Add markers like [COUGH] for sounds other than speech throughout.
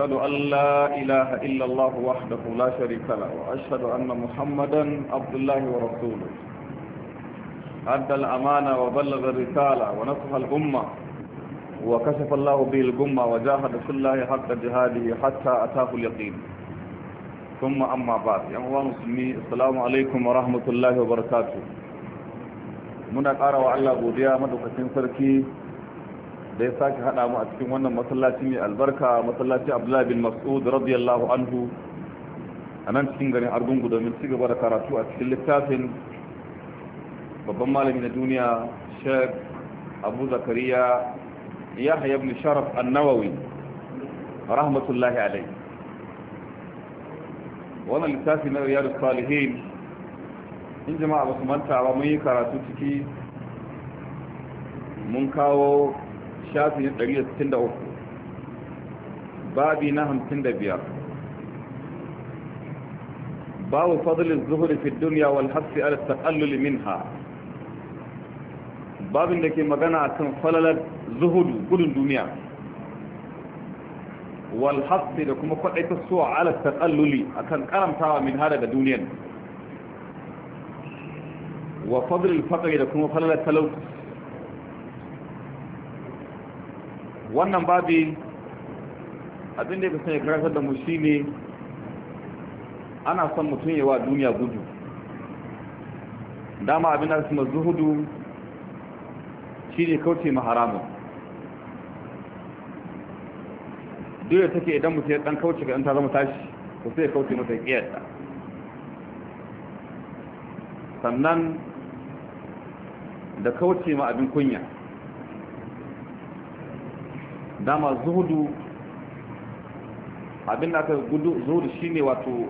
وأشهد أن لا إله إلا الله وحده لا شريك له وأشهد أن محمدا عبد الله ورسوله أدى الأمانة وبلغ الرسالة ونصح الأمة وكشف الله به الغمة وجاهد في الله حق جهاده حتى أتاه اليقين ثم أما بعد يا أخوان المسلمين السلام عليكم ورحمة الله وبركاته muna ƙara wa Allah godiya madaukakin sarki da ya sake haɗa mu a cikin wannan masallaci mai albarka masallaci abdullahi bin mas'ud radiyallahu anhu a nan cikin garin argungu domin ci gaba da karatu a cikin littafin babban malami na duniya sheikh abu zakariya haya ibn sharaf an-nawawi rahmatullahi alai wannan littafi na riyadus salihin in jama'a ba su manta ba mun yi karatu ciki mun kawo shafi na 163 babi na 55 babu fadlin zuhuri fi duniya wal hasi ala taqallul minha babin da ke magana akan falalar zuhudu gudun duniya wal hasi da kuma kwadaita suwa ala taqalluli akan karantawa Minha daga da duniyar wa fadlin faqri da kuma falalar talauci wannan babi abin da ya kasance karatar da mu ne ana son mutum yawa duniya gudu dama abin da su shi ne kauce ma haramun duk da take idan mutum ya dan kauce ga ta zama tashi ko sai kauce mata kiyarta sannan da kauce ma abin kunya dama zuhudu abin da aka gudu zuhudu ne wato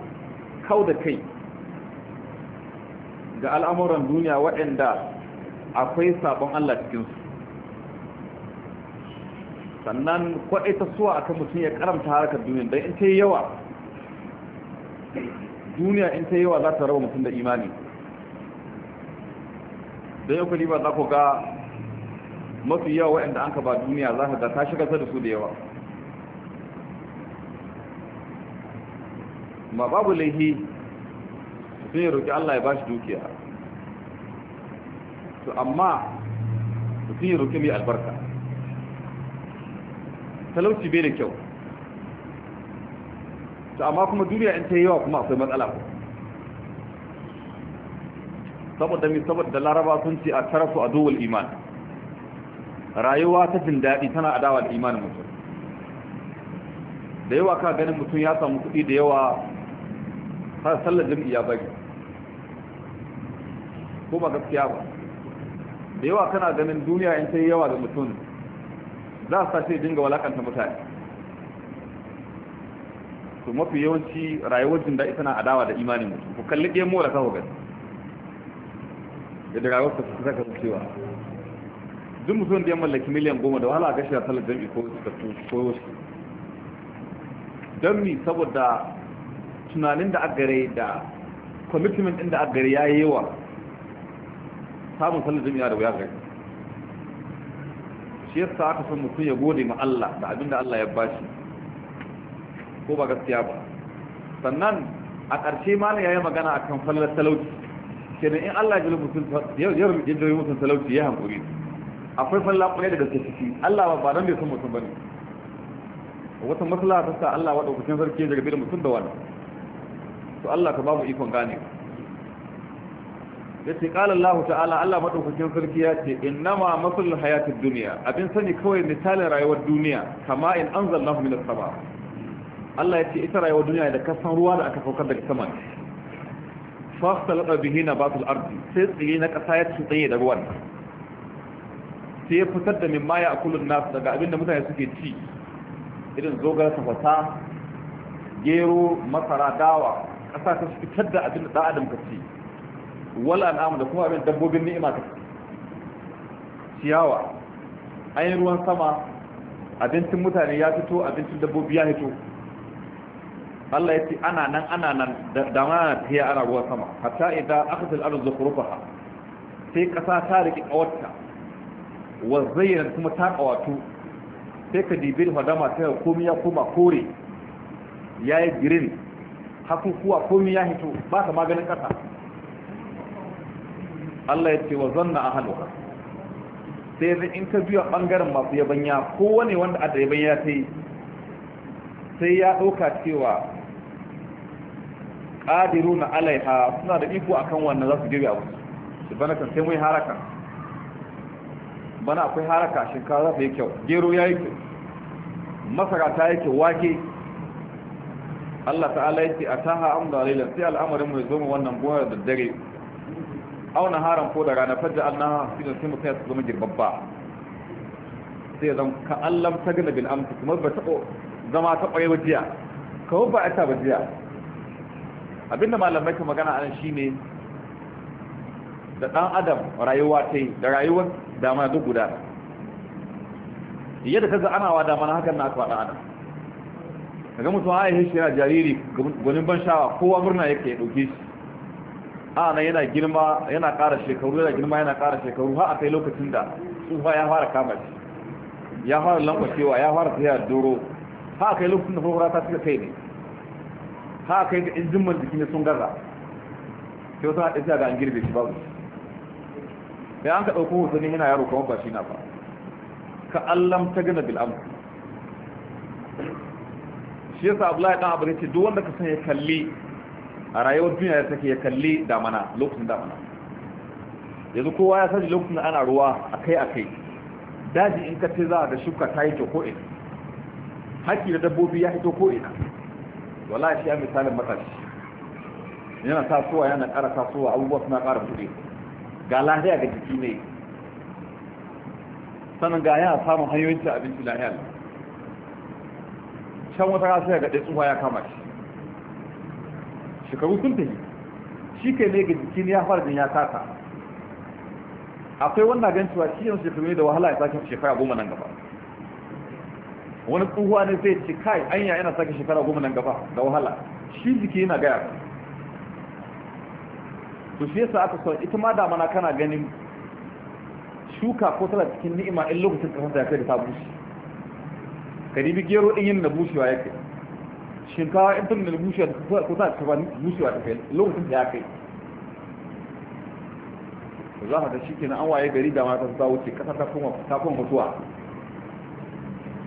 kau da kai ga al'amuran duniya waɗanda akwai sabon Allah cikinsu sannan kwaɗai ta suwa akan mutum ya karanta harkar duniya don in ta yi yawa duniya in ta yi yawa za ta raba mutum da imani don yau ba za ku ga mafi yawa waɗanda an ka ba duniya za ka ta shiga da su da yawa ma babu laihi sun yi roƙi Allah ya ba shi dukiya to amma sun yi roƙi mai albarka talauci bai da kyau to amma kuma duniya in ta yi yawa kuma akwai matsala saboda mi saboda laraba sun ce a tarasu a dowal iman. rayuwa ta jin daɗi tana adawa da imanin mutum da yawa ka ganin mutum ya samu kuɗi da yawa ta sallar jami'i ya bari ko ba gaskiya ba da yawa kana ganin duniya in sai yawa da mutum za a sace dinga walakanta mutane su mafi yawanci rayuwar jin daɗi tana adawa da imanin mutum ku kalli ɗaya mora kawo gani da rayuwar ta su zaka cewa duk mutum da ya mallaki miliyan goma da wahala a gashi a talar jami'a ko koyo shi don mi saboda tunanin da agare da commitment ɗin da agare ya yi yawa samun talar jami'a da wuya gari shi yasa aka san mutum ya gode ma Allah da abin da Allah ya bashi ko ba gaskiya ba sannan a ƙarshe malam ya yi magana kan fallar talauci kenan in Allah ya jira mutum talauci ya hankuri akwai falla kwarai da gaske ciki Allah ba don bai san mutum bane wata maslaha ta sa Allah wa daukacin sarki daga bai mutum da wani to Allah ka ba mu ikon gane ya ce ƙala Allah ta'ala Allah maɗaukakin sarki ya ce innama masul hayatid duniya abin sani kawai misalin rayuwar duniya kama in anzalnahu minas sama Allah ya ce ita rayuwar duniya da kasan ruwa da aka saukar daga sama fa khalaqa bihi nabatul ardi sai tsire na ƙasa ya tsaye da ruwan sai ya fitar da min maya akulun nasu daga abinda mutane suke ci irin zogar tafasa gero masara dawa ƙasa ta fitar da abinda da adam ka ci wala al'amu da kuma abin dabbobin ni'ima ka ci ciyawa an ruwan sama abincin mutane ya fito abincin dabbobi ya fito Allah ya ce ana nan ana nan da mana ta yi ana ruwan sama hatta idan aka zai arzu zukurufa sai ƙasa ta riƙi ƙawarta wa zayyana kuma ta kawatu sai ka da hadama ta yau komi ya koma kore ya yi girin hakukuwa komi ya hito ba ka maganin kasa Allah ya ce wa zanna a halwa sai zai in ka biya bangaren masu yabanya ko wane wanda a da yabanya ta yi sai ya ɗauka cewa ƙadiru na alaiha suna da iko akan wannan za su girbe abu su bana kan sai mai haraka. bana akwai haraka shinkara ta yi kyau gero ya yi kyau masara ta yi kyau wake Allah ta'ala yake a taha da lailan sai al'amarin mu ya zo mu wannan gonar da dare auna haram ko da rana fajja annaha su sai mu kai su zama girbabba sai zan ka allam ta gina bin amsi kuma ba ta zama ta kwaye wajiya kawai ba ta wajiya abinda malamai ka magana an ne. da ɗan adam rayuwa yi da rayuwar dama duk guda yadda ta ana wa dama na hakan na aka faɗa ana daga mutum a yi shi yana jariri gwanin ban sha'awa kowa murna yake ya ɗauke shi a nan yana girma yana ƙara shekaru yana girma yana ƙara shekaru har a kai lokacin da tsufa ya fara kama shi ya fara lankwacewa ya fara tafiya doro har a kai lokacin da farfara ta fi kai ne har a kai ga injin jimman jiki ne sun gaza sai wata haɗe ga an girbe shi babu shi sai an ka ɗauko husani yana yaro kuma ba shi na ba ka allam ta gina bil'am shi yasa abdullahi dan abu ce duk wanda ka san ya kalli a rayuwar duniya da take ya kalli damana lokacin damana yanzu kowa ya sani lokacin da ana ruwa akai akai daji in ka ce za da shuka ta yi ko ina haƙƙi da dabbobi ya hito ko ina wallahi shi ya misalin matashi yana tasowa yana ƙara tasowa abubuwa suna ƙara kuɗi ga lahiya ga jiki ne sannan ga yana samun hanyoyin ci abinci lahiya ne can wata rasu ya gaɗe tsuwa ya kama shi shekaru sun tafi shi kai ne ga jiki ne ya fara jin ya kasa akwai wannan gan cewa shi yanzu shekaru ne da wahala ya sake shekara goma nan gaba wani tsuwa ne zai ce kai anya yana sake shekara goma nan gaba da wahala shi jiki yana gaya to shi yasa aka son ita ma damana kana ganin shuka ko tana cikin ni'ima in lokacin kasanta ya kai da ta bushe karibi gero in yin da bushewa ya kai shinkawa in tun da bushewa ko ta ta bushewa ta kai lokacin da ya kai za ka ga shi kenan an waye gari da mata ta wuce kasa ta koma ta koma mutuwa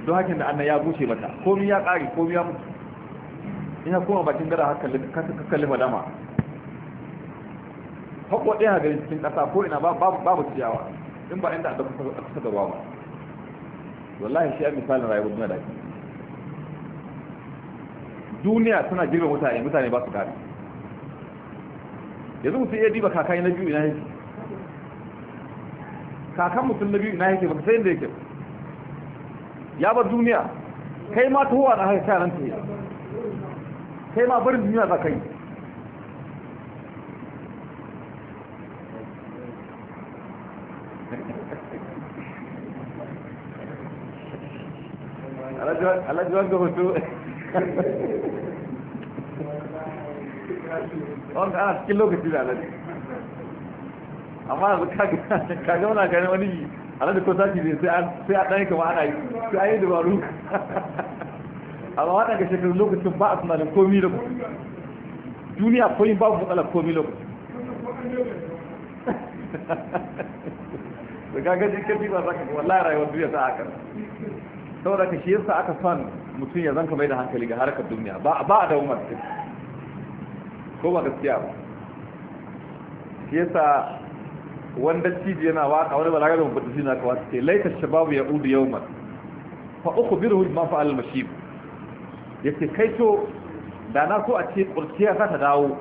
don hakin da annan ya bushe mata komai ya kare komai ya mutu ina kuma bakin gara haka kalli madama kwakwa ɗaya garin cikin ƙasa ko ina babu ciyawa in ba inda aka kusa da ba wallahi shi a misalin rayuwar duniya da duniya suna girma mutane mutane ba su gari yanzu mutum iya diba kakai na biyu ina yake kakan mutum na biyu ina yake ba sai inda yake ya bar duniya kai ma tuwa na haka nan ta kai ma barin duniya za ka yi alhaji wanga hoto wanda ana cikin lokaci da alhaji amma yanzu kaga wani ko sati ne sai a ɗani kama ana yi sai a yi dabaru amma shekaru lokacin ba a tunanin komi lokaci. duniya koyin babu matsalar komi da [LAUGHS] gagaji kaji ba za ka duniya ta akar saboda ka shi yasa aka son mutum ya zanka mai da hankali ga harkar duniya ba a dawo masu ko ba gaskiya ba shi yasa wanda ciji yana waka wani balaga da mabata shi na kawai ce laita shababu ya udu yau man fa uku biru ma fa almashi ya ce kai to da na so a ce kurciya za ta dawo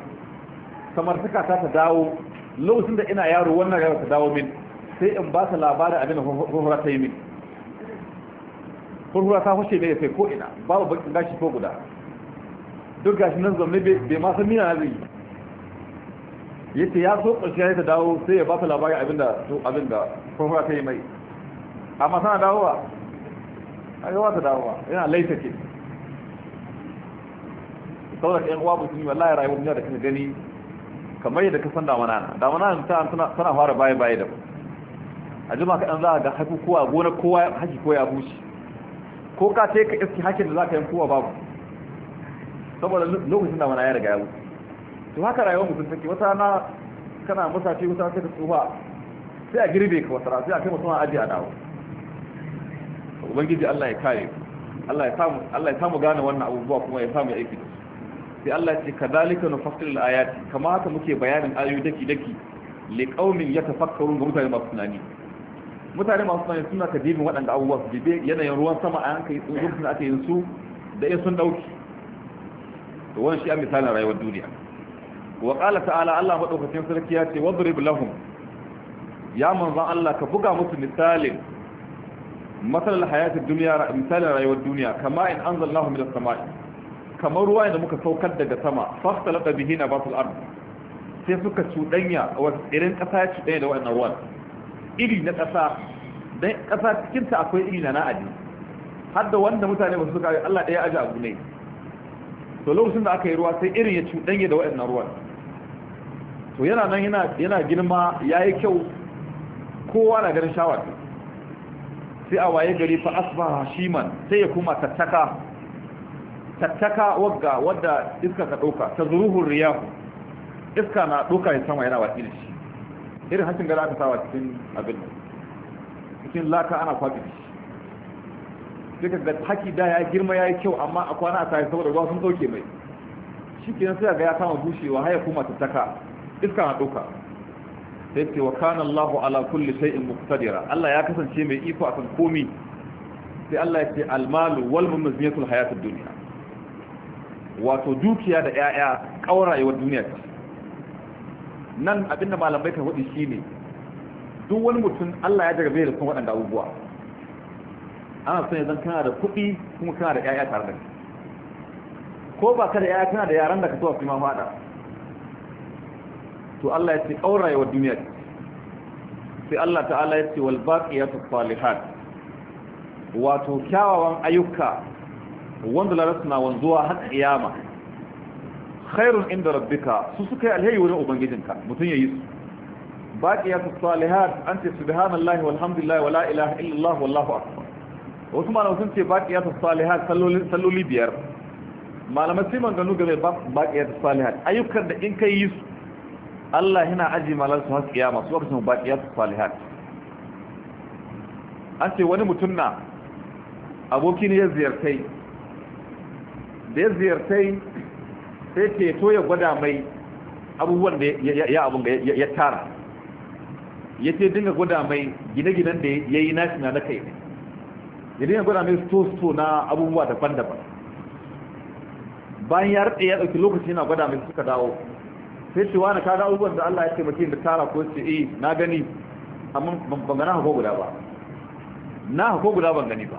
samartaka za ta dawo lokacin da ina yaro wannan gaba ta dawo min sai in ba ta labarin abin da hukumar ta yi min furfura ta fashe da ya sai ko ina babu bakin gashi ko guda duk gashi nan zaune bai ma san mina zai ya ce ya so ƙarshe ya ta dawo sai ya ba ta labarin abinda to abinda furfura ta yi mai amma tana dawowa a yawa ta dawowa yana laita ke saboda ƴan uwa musulmi wallahi rayuwar duniya da kan gani kamar yadda ka san damana na damana tana fara baya baya da a jima kaɗan za a ga haifu kowa gona kowa haji ko ya bushe ko ka ce ka iski hakin da za ka yi kowa babu saboda lokacin da mana ya riga ya wuce to haka rayuwar mutum take wata na kana musafi wata sai ka tsufa sai a girbe ka wata rana sai a kai mutum a aji a dawo ubangiji Allah ya kare Allah ya samu Allah ya samu gane wannan abubuwa kuma ya samu aiki da sai Allah ya ce kadhalika nufassilu al-ayati kama haka muke bayanin ayoyi daki daki liqaumin yatafakkarun ga mutane masu tunani mutane masu tunani suna ka dibin waɗanda abubuwa su dibe yanayin ruwan sama a hankali lokacin aka yin su da in sun ɗauki to wani shi a misalin rayuwar duniya wa ƙala ta'ala Allah maɗaukacin sarki ya ce wadrib lahum ya manzan Allah ka buga musu misalin matsalar hayatar duniya misalin rayuwar duniya kama in an zalla hu milar sama'i kamar ruwa da muka saukar daga sama fasta laɗa bihi na basul ardu sai suka cuɗanya a wasu irin ƙasa ya cuɗanya da waɗannan ruwan iri na ƙasa don ƙasa cikinta akwai iri na na'adi har da wanda mutane ba su suka Allah ɗaya aji abu ne to lokacin da aka yi ruwa sai irin ya cuɗanye da waɗannan ruwan to yana nan yana girma ya yi kyau kowa na ganin shawar sai a waye gari fa asba shiman sai ya kuma tattaka tattaka wagga wadda iska ka ɗauka ta zuruhun riyahu iska na ɗauka ya sama yana watsi da shi irin hancin gara aka sawa cikin abin nan cikin laka ana kwaɓi sai ga haki da ya girma ya yi kyau amma a kwana a tare saboda ruwa sun ɗauke mai shi kenan sai ga ya kama bushewa haya kuma tattaka iska na ɗauka sai ce wa kana Allahu ala kulli shay'in muqtadira Allah ya kasance mai iko akan komi sai Allah ya ce almalu wal mumziyatul hayatud duniya. wato dukiya da ƴaƴa kaurayewar duniya ce nan abinda malamai kan hudu shi ne duk wani mutum Allah ya jarabe da kuma waɗanda abubuwa ana son ya zan kana da kuɗi kuma kana da ƴaƴa tare da ko ba ka da ƴaƴa kana da yaran da ka so su ma fada to Allah ya ce ƙauraye wa duniya sai Allah ta'ala ya ce wal baqiyatu salihat wato kyawawan ayyuka wanda na wanzuwa har kiyama khairun inda rabbika su suka yi alheri wurin ubangijinka mutum ya yi su baqiyatu salihat anta subhanallahi walhamdulillahi wala ilaha illallah wallahu akbar wasu malamai sun ce baqiyatu salihat salloli biyar malamai sai man ganu game baqiyatu salihat ayyukan da in kai yi su Allah yana aji malar su har kiyama su wakacin baqiyatu salihat an ce wani mutum na aboki ne ya ziyartai da ya ziyartai sai to ya gwada mai abubuwan da ya abun ya tara ya ce dinga gwada mai gine-ginen da ya yi nashi na kai ne ya dinga gwada mai sto-sto na abubuwa daban-daban bayan ya rike ya ɗauki lokaci yana gwada mai suka dawo sai ce wani kaga abubuwan da Allah ya ce mutum da tara ko ce eh na gani amma ban gana hako guda ba na hako guda ban gani ba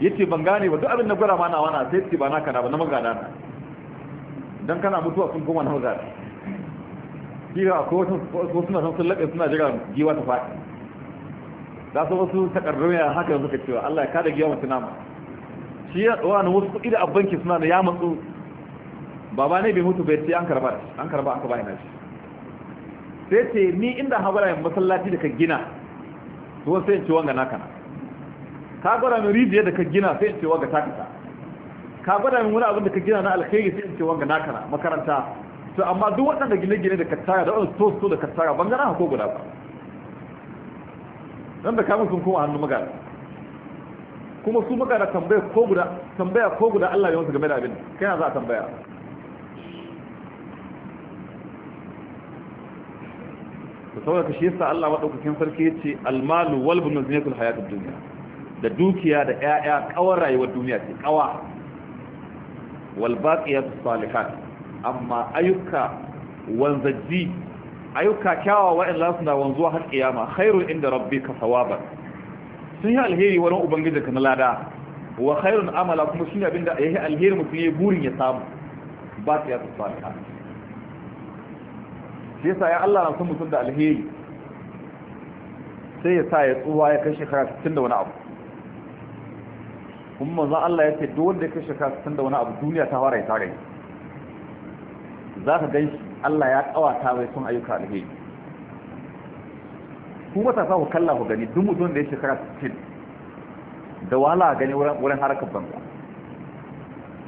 yace ban gane ba duk abin da gwada ma na wana sai ce ba naka na ba na magana na don kana mutuwa sun koma na hauza kira ko suna san sun laɓe suna jira giwa ta faɗi za su wasu takardu ya haka yanzu ka cewa Allah ya kada giwa mutu nama shi ya tsawa na wasu kuɗi da abbanki suna da ya matsu baba ne bai mutu bai ce an karba an karba aka bayyana shi sai ce ni inda habara yin masallaci da ka gina to sai in ci wanga naka ka gwada min rijiya da ka gina sai in ci wanga taka ka gwada min wani abin da ka gina na alkhairi suke wanga na makaranta to amma duk waɗanda gine-gine da kattara da waɗanda tosto da kattara ban gana hako guda ba don da kamun sun koma hannun magana kuma su magana tambaya ko guda tambaya ko guda Allah ya wasu game da abin kai na za a tambaya to saboda ka shi yasa Allah madaukakin sarki yace almalu wal bunun zinatul hayatid dunya da dukiya da ƴaƴa kawar rayuwar duniya ce kawa wal baqiyatu salihat amma ayyuka wanzaji ayyuka kyawawa za su na wanzuwa har kiyama khairun inda rabbika sawaban sun yi alheri wurin ubangijinka na lada wa khairun amala kuma shine abinda da yayi alheri mutum yayi burin ya samu baqiyatu salihat sai sa Allah na san mutum da alheri sai ya sa ya tsuwa ya kai shekara 60 da wani abu kuma manzo Allah ya ce duk wanda ya kashe ka san da wani abu duniya ta fara ya tare za ka gan Allah ya kawata mai sun ayyuka alheri ku matasa ku kalla ku gani duk mutum da ya shekara 60 da wahala a gani wurin harkar banza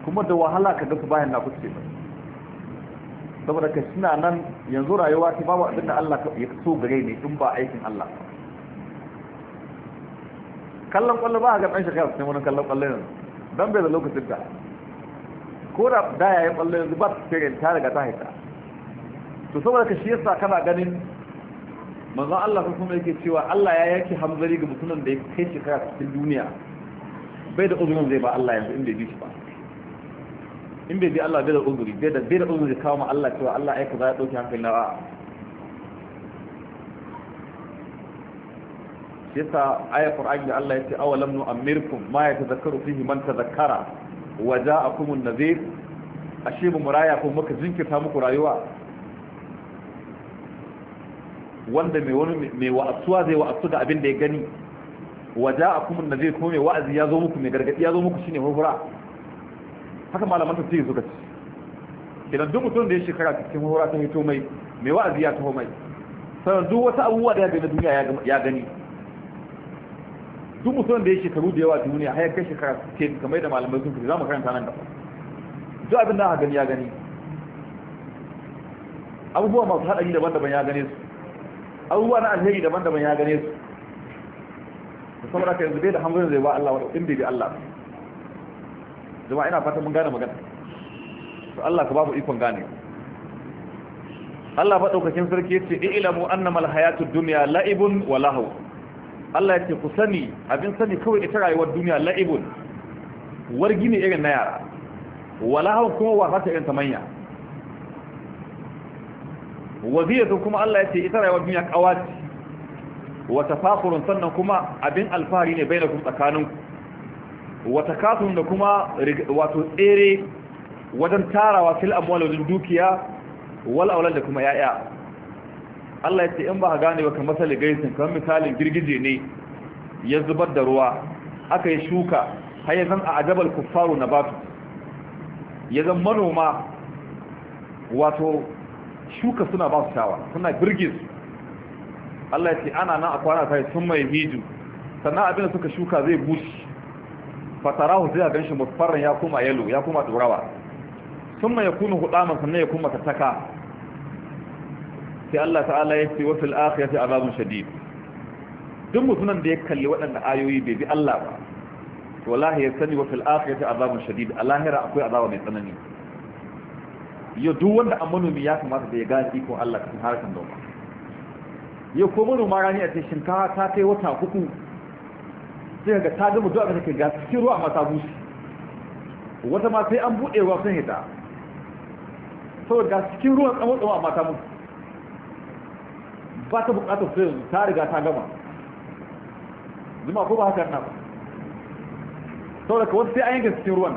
kuma da wahala ka gasu bayan na kuce ba saboda ka suna nan yanzu rayuwa ta babu abin da Allah ya so gare ne in ba aikin Allah ba kallon kwallo ba a ga ɗan shekara sai wani kallon kwallo yanzu don bai da lokacin da ko da da ya yi kwallo yanzu ba ta fere ta daga ta haita to saboda ka shi yasa kana ganin manzon Allah sun kuma yake cewa Allah ya yake hamzari ga mutumin da ya kai shekara cikin duniya bai da uzurin zai ba Allah yanzu in bai bi shi ba in bai bi Allah bai da uzuri bai da bai da uzuri kawo ma Allah cewa Allah ya kaza ya ɗauki hankali na a'a yasa aya qur'ani da Allah yace awalam nu amirkum ma yatazakkaru fihi man tazakkara wa ja'akum an-nadhir ashe mu muraya ko muka jinkirta muku rayuwa wanda mai wani mai wa'azuwa zai wa'azu da abin da ya gani wa ja'akum an-nadhir kuma mai wa'azi ya zo muku mai gargadi ya zo muku shine hurhura haka malaman ta suka ce idan duk mutum da ya shekara cikin hurhura ta hito mai mai wa'azi ya taho mai sanar duk wata abubuwa da ya gani duniya ya gani duk musulman da yake karu da yawa duniya har kai shekara 60 kamar da malamai sun fi za mu karanta nan gaba duk abin da aka gani ya gani abubuwa masu haɗari daban-daban ya gane su abubuwa na alheri daban-daban ya gane su da saboda ka yanzu bai da hamzin zai ba Allah wadda in bai bi Allah zama ina fata mun gane magana to Allah ka babu ikon gane Allah ba ɗaukakin sarki yace ilamu annama alhayatu dunya la'ibun wa lahawu Allah ya ce ku sani abin sani kawai ita rayuwar duniya la'ibun wargi ne irin na yara wala hawa kuma wasa ta irin ta manya waziyatu kuma Allah ya ce ita rayuwar duniya kawati wa tafakurun sannan kuma abin alfahari ne bainakum tsakaninku wa takatun da kuma wato tsere wajen tarawa fil amwal wajen dukiya wal aulad da kuma yaya Allah ya ce in ba a gane ba kamar misali gaisin kamar misalin girgije ne ya zubar da ruwa aka yi shuka har ya zan a ajabal kuffaru na batu ya zan manoma wato shuka suna ba su shawa suna birge Allah ya ce ana nan a kwana sai sun mai hiju sannan abin da suka shuka zai bushe fatarahu zai ga shi musfarran ya kuma yalo ya kuma dorawa sun mai ya kuna hudaman sannan ya kuma tattaka sai Allah ta'ala ya ce wasu al'akhirati azabun shadid duk mutunan da ya kalli waɗanda ayoyi bai bi Allah ba to wallahi ya sani wasu al'akhirati azabun shadid a lahira akwai azaba mai tsanani yau duk wanda an manomi ya kamata da ya gane ikon Allah cikin harkar noma yau ko manoma rani a cikin shinkawa ta kai wata huku sai ga ta gama abin da take ga cikin ruwa ma ta bushe wata ma sai an buɗe ruwa sun hita saboda cikin ruwan tsawon tsawon a mata mutu ba ta bukatar su yanzu ta riga ta gama zuma ko ba haka na ba da ka wasu sai an yanke cikin ruwan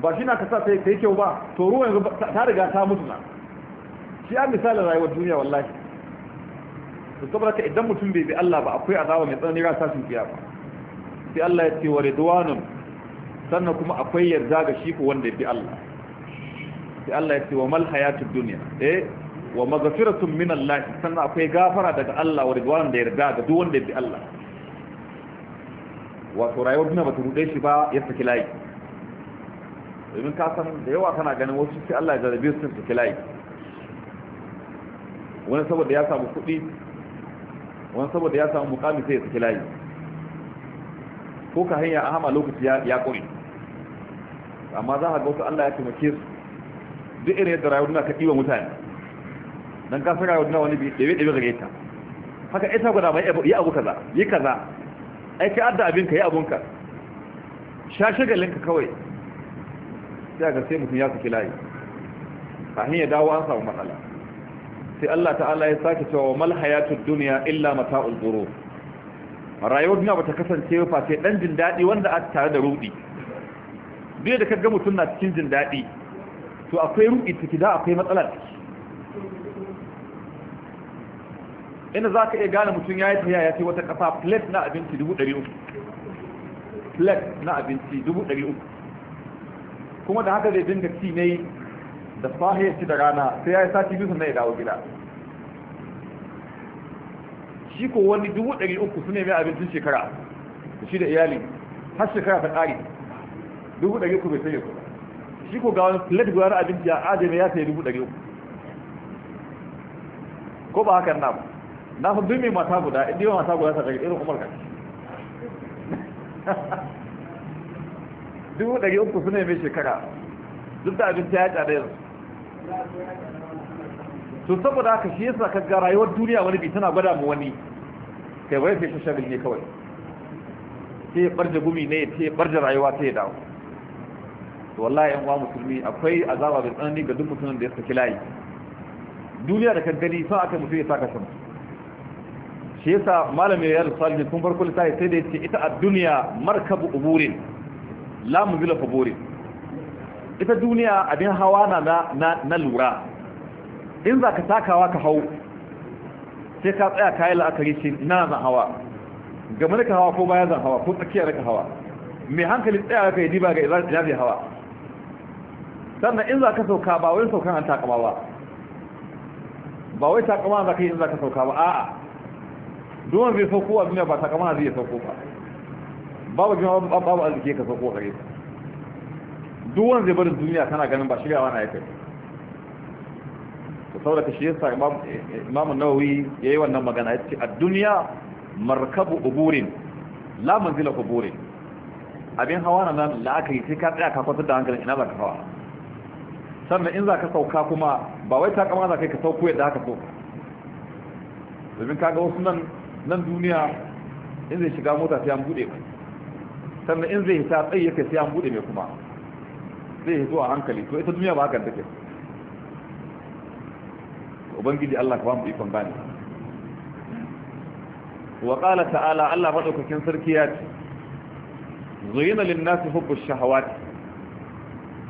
ba shi na ka sa ta yi kyau ba to ruwan yanzu ta riga ta mutu na shi an misalin rayuwar duniya wallahi to saboda ka idan mutum bai bi Allah ba akwai azaba mai tsanani sasin sashin ba. sai Allah ya ce wa ridwanun sannan kuma akwai yarda ga shi ko wanda ya bi Allah sai Allah ya ce wa mal hayatud dunya eh wa maghfiratun min Allah sannan akwai gafara daga Allah wa ridwan da yarda ga duk wanda ya bi Allah wato rayuwar duniya bata rude shi ba ya saki layi domin ka san da yawa kana ganin wasu sai Allah ya zarabe su saki layi wani saboda ya samu kuɗi wani saboda ya samu mukami sai ya saki layi ko ka hanya a hama lokaci ya ƙuri amma za ka ga wasu Allah ya taimake su duk irin yadda rayuwar duniya ka ɗiwa mutane don ka saka wadda wani ɗabe-ɗabe gare ta haka ita guda mai yi abu kaza yi kaza aiki adda abinka yi abunka sha shagalinka kawai sai ga sai mutum ya saki layi kafin ya dawo an samu matsala sai Allah ta'ala ya sake cewa mal hayatud dunya illa mata'ul ghurur rayuwar duniya bata kasance ba sai dan jin dadi wanda a tare da rudi duk da kaga mutum na cikin jin dadi to akwai rudi ciki da akwai matsala ciki ina za ka iya gane mutum ya yi tafiya ya fi wata kafa plate na abinci 300 plate na abinci 300 kuma da haka zai dinga ci ne da fahiyar ci da rana sai ya yi sati biyu sannan ya dawo gida shi ko wani 300 su ne mai abincin shekara da shi da iyali har shekara ta ƙari 300 bai sai shi ko ga wani plate guda na abinci a adana ya sai 300 ko ba haka na ba na san duk mai mata guda inda yawan mata guda ta daga irin umar kan dubu ɗari uku ne mai shekara duk da abinci ya da yanzu Su saboda aka shi yasa ka ga rayuwar duniya wani bi tana gwada mu wani kai bai fi shagil ne kawai sai ya barje gumi ne sai ya barje rayuwa sai ya dawo to wallahi yan uwa musulmi akwai azaba mai tsanani ga duk mutumin da ya saki layi duniya da kan gani sa aka mutu ya saka sama shi yasa malamin ya risali tun farko littafi sai da yace ita a duniya markabu uburin la muzila uburin ita duniya abin hawa na na lura in za ka takawa ka hau sai ka tsaya kayi la'akari shi na zan hawa game da ka hawa ko baya zan hawa ko tsakiya ka hawa mai hankali tsaya ka yi diba ga ina zai hawa sannan in za ka sauka ba wai saukan an takama ba ba wai takama za ka yi in za ka sauka ba a'a duwan zai sauko a duniya ba ta kama zai sauko ba babu jima babu arziki ka sauko gare duwan zai barin duniya tana ganin ba shirya ya kai to saurata shi yasa imam nawawi yayi wannan magana yace a duniya markabu uburin lamun zila uburin abin hawa na nan la aka yi sai ka tsaya ka da hankalin ina zaka hawa sannan in za ka sauka kuma ba wai ta kama yi ka sauko yadda haka so domin kaga wasu nan nan duniya in zai shiga mota sai an bude mai sannan in zai hita tsayi yake sai an bude mai kuma zai hito a hankali to ita duniya ba hakan take ubangiji Allah ka ba mu ikon gane wa qala ta'ala Allah madaukakin sarki ya ce zuyina lin nasi hubbu shahawati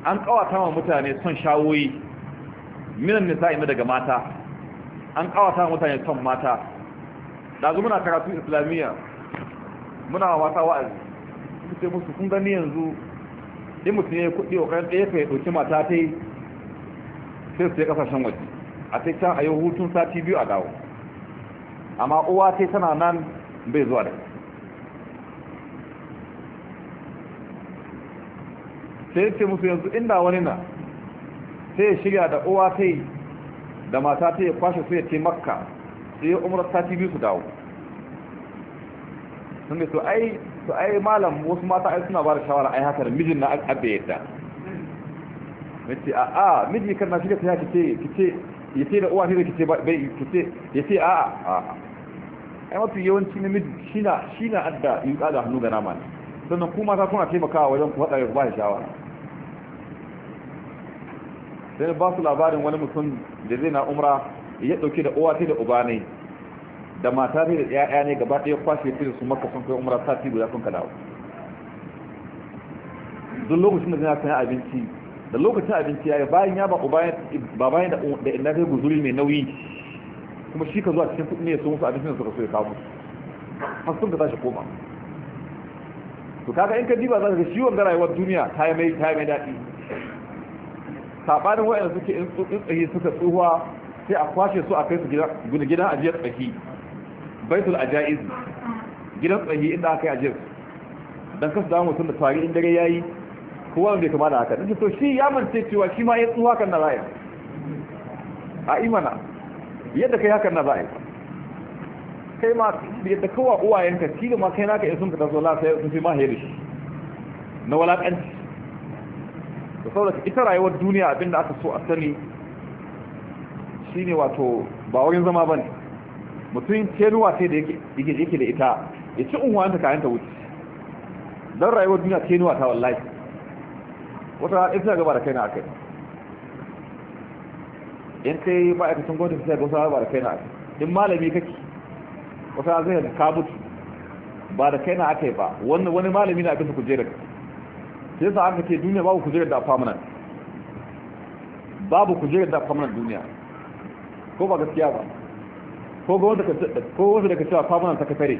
an kawata wa mutane son shawoyi minan nisa'i daga mata an kawata wa mutane son mata dazu muna karatu islamiyya muna wata wa'azi su ce musu kun gani yanzu in mutum ya yi kuɗi ƙoƙarin ɗaya ka ya ɗauki mata ta yi sai su ya ƙasashen waje a ta can a yi hutun sati biyu a dawo amma uwa ta tana nan bai zuwa da sai ce musu yanzu inda wani na sai ya shirya da uwa ta yi da mata ta ya kwashe su ya ce makka sai umar sati biyu su dawo sun to ai ai malam wasu mata ai suna ba da shawara ai haka mijin na abbe yadda mace a a miji kan na shi da ta kice ya ce da uwa ne da kice bai kice yace a a ai mafi yawanci na miji shi na adda in tsada hannu ga nama sannan kuma ta kuna taimakawa wajen ku hada ba shawara sai ba su labarin wani mutum da zai na umra ya dauke da uwa da uba ne da mata ne da 'ya'ya ne gaba ɗaya kwashe ta su maka sun kai umra sati guda sun ka dawo duk lokacin da zai kan abinci da lokacin abinci yayi bayan ya ba uba ba bayan da inda kai guzuri mai nauyi kuma shi ka zuwa cikin kuɗi ne ya so musu abincin da suka so ya kawo musu har sun ka tashi koma to kaga in ka diba za ka ga shi wanda rayuwar duniya ta yi mai daɗi saɓanin wa'anda suke in tsaye suka tsuhuwa sai a kwashe su a kai su gidan ajiyar tsaki baitul ajaiz gidan tsaki inda aka yi ajiyar dan kasu damu sun da tari in dare yayi kowa bai kama da haka dan to shi ya mance cewa shi ma ya tsuwa kan na zai a imana yadda kai hakan na zai kai ma yadda kowa uwayenka shi da ma kai naka in sun ka taso la sai sun fi ma hayar shi na walakanci da saboda ita rayuwar duniya abinda aka so a sani ne wato ba wurin zama ne mutum tenuwa sai da yake da ita ya ci unwa ta kayan ta wuce don rayuwar duniya tenuwa ta wallahi wata ita gaba da kaina akai in kai ma'aikacin gwamnati sai gaba ba da kaina akai in malami kake wata zai yi ka mutu ba da kaina akai ba wani malami na abin kujerar sai sa aka ce duniya babu kujerar da permanent babu kujerar da permanent duniya ko ba gaskiya ba ko ga wasu daga cewa famunan ta kafare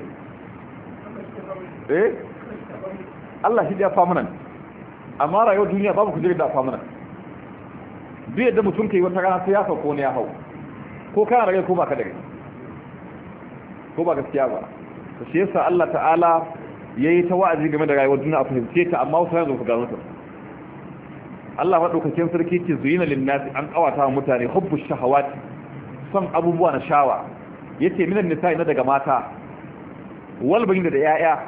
eh Allah shi ya famunan amma rayuwa duniya babu ku da famunan duk yadda mutum ka yi wata rana sai ya sauko ne ya hau ko kana rage ko ba ka dare ko ba gaskiya ba to shi yasa Allah ta'ala yayi ta wa'azi game da rayuwar duniya a fahimce ta amma wasu yanzu ku gano ta Allah madaukakin sarki ce zuyina lin nasi an kawata wa mutane hubbu shahawati son abubuwa na shawa ya ce minan nisa ina daga mata wal bayin da yaya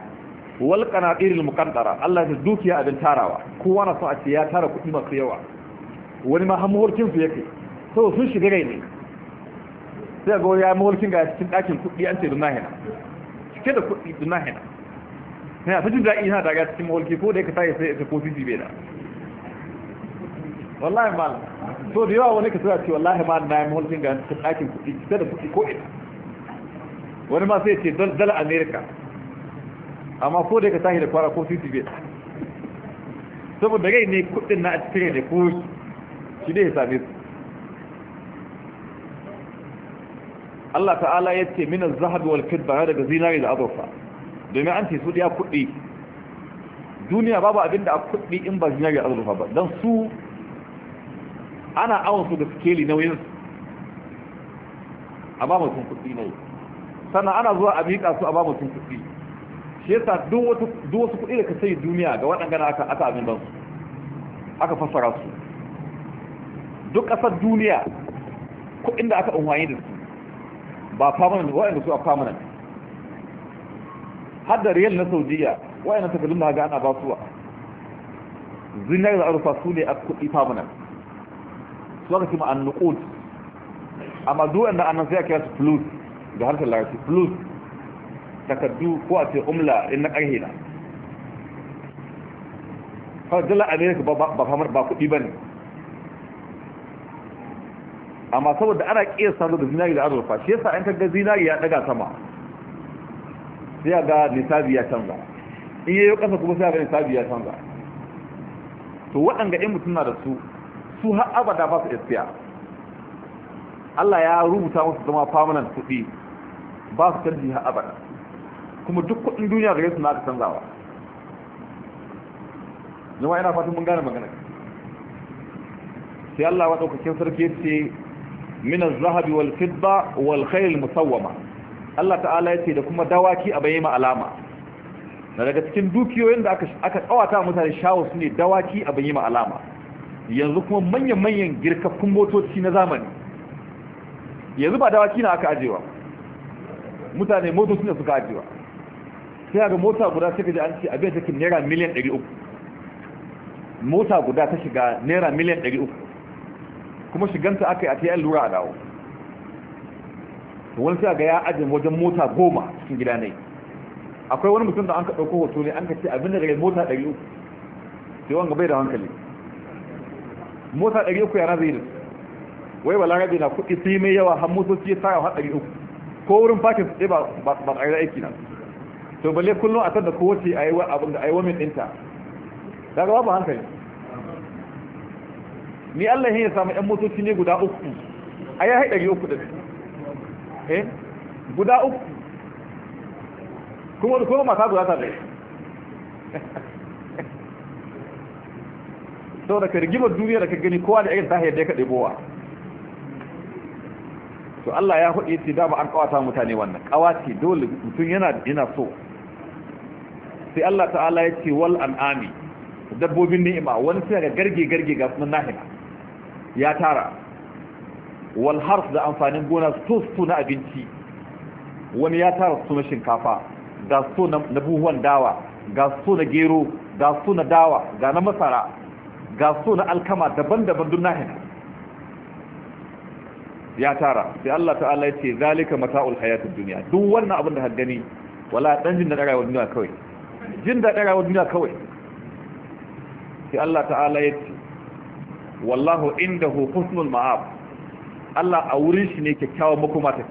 wal irin al Allah ya dukiya abin tarawa kowa na so a ce ya tara kuɗi masu yawa wani ma hamurkin su yake so sun shiga gai ne sai ga ya mulkin ga cikin ɗakin kuɗi an ce dunahina cike da kuɗi dunahina na a jin daɗi yana daga cikin mulki ko da ya ka tayi sai ko kofi bai da wallahi mal so da yawa wani ka tura ce wallahi ma na yi mulkin ga ɗakin kuɗi ta da kuɗi ko ina wani ma sai ce dala america amma ko da ka tashi da kwara ko titi bai saboda gai ne kuɗin na a cikin ne ko shi ne ya same su Allah ta'ala ya ce minan zahabi wal fidda daga zinari da azurfa domin an ce su da kuɗi duniya babu abin da a kuɗi in ba zinari da azurfa ba don su ana awon su da sikeli nauyin a ba mutum kuɗi ne sannan ana zuwa a miƙa su a ba mutum kuɗi shi yasa duk wasu kuɗi da ka sai duniya ga waɗanda aka aka abin ban su aka fassara su duk ƙasar duniya kuɗin da aka unwaye da su ba permanent waɗanda su a permanent har da riyal na saudiya waɗanda takardun da ga ana wa zinar da arufa su ne a kuɗi permanent su aka cima annukud amma duwan wanda annan sai a kira su plus da harshen larabci plus takaddu ko a ce umla in na ƙarhe na kawai dala amerika ba kuɗi ba ne amma saboda ana sa da zinari da azurfa shi yasa an kaga zinari ya ɗaga sama sai ga nisabi ya canza in yau ƙasa kuma sai ga nisabi ya canza to waɗanda in mutum na da su su har abada ba su iskiya Allah ya rubuta musu zama permanent kuɗi ba su canji har abada kuma duk kuɗin duniya gare su na aka canzawa zama yana fatan mun gane magana sai Allah wa ɗaukakin sarki yace min az-zahabi wal fidda wal khayl musawwama Allah ta'ala yace da kuma dawaki a bayyana alama daga cikin dukiyoyin da aka aka tsawata mutane shawo su ne dawaki a bayyana alama yanzu kuma manyan-manyan girkakkun motoci na zamani yanzu ba dawaki na aka ajewa mutane motoci na suka ajewa sai ga mota guda suka ka ji an ce abin take naira miliyan 300 mota guda ta shiga naira miliyan 300 kuma shiganta aka yi a tayi lura a dawo wani sai ga ya ajin wajen mota goma cikin gida ne akwai wani mutum da an ka ɗauko hoto ne an ka ce abin da daga mota 300 sai wanga bai da hankali mota ɗari uku yana zai da wai ba larabi na kuɗi sai mai yawa har motoci ya tsara har ɗari uku ko wurin fakin su ba ba ƙarar aiki na to balle kullum a san da kowace a yi abin da a yi min ɗinta daga ba hankali ni Allah ya samu ƴan motoci ne guda uku a ya haɗari uku ɗin eh guda uku kuma da kuma mata guda ta ɗaya da ka rigimar duniya da ka gani kowa da irin ta da ka ɗebowa to Allah ya faɗi yace da ba an kawata mutane wannan kawaci dole mutum yana yana so sai Allah ta'ala ya ce wal an'ami dabbobin ni'ima wani sai ga garge garge ga sunan nahina ya tara wal harf da amfanin gona su su na abinci wani ya tara su na shinkafa ga su na buhuwan dawa ga su na gero ga su na dawa ga na masara ga so na alkama daban-daban dun nahin ya tara sai Allah ta'ala ya ce zalika mata'ul hayatid dunya duk wannan abin da gani wala dan jin da rayuwar duniya kawai jin da rayuwar duniya kawai sai Allah ta'ala ya ce wallahu indahu husnul ma'ab Allah a wurin shi ne kyakkyawan makoma take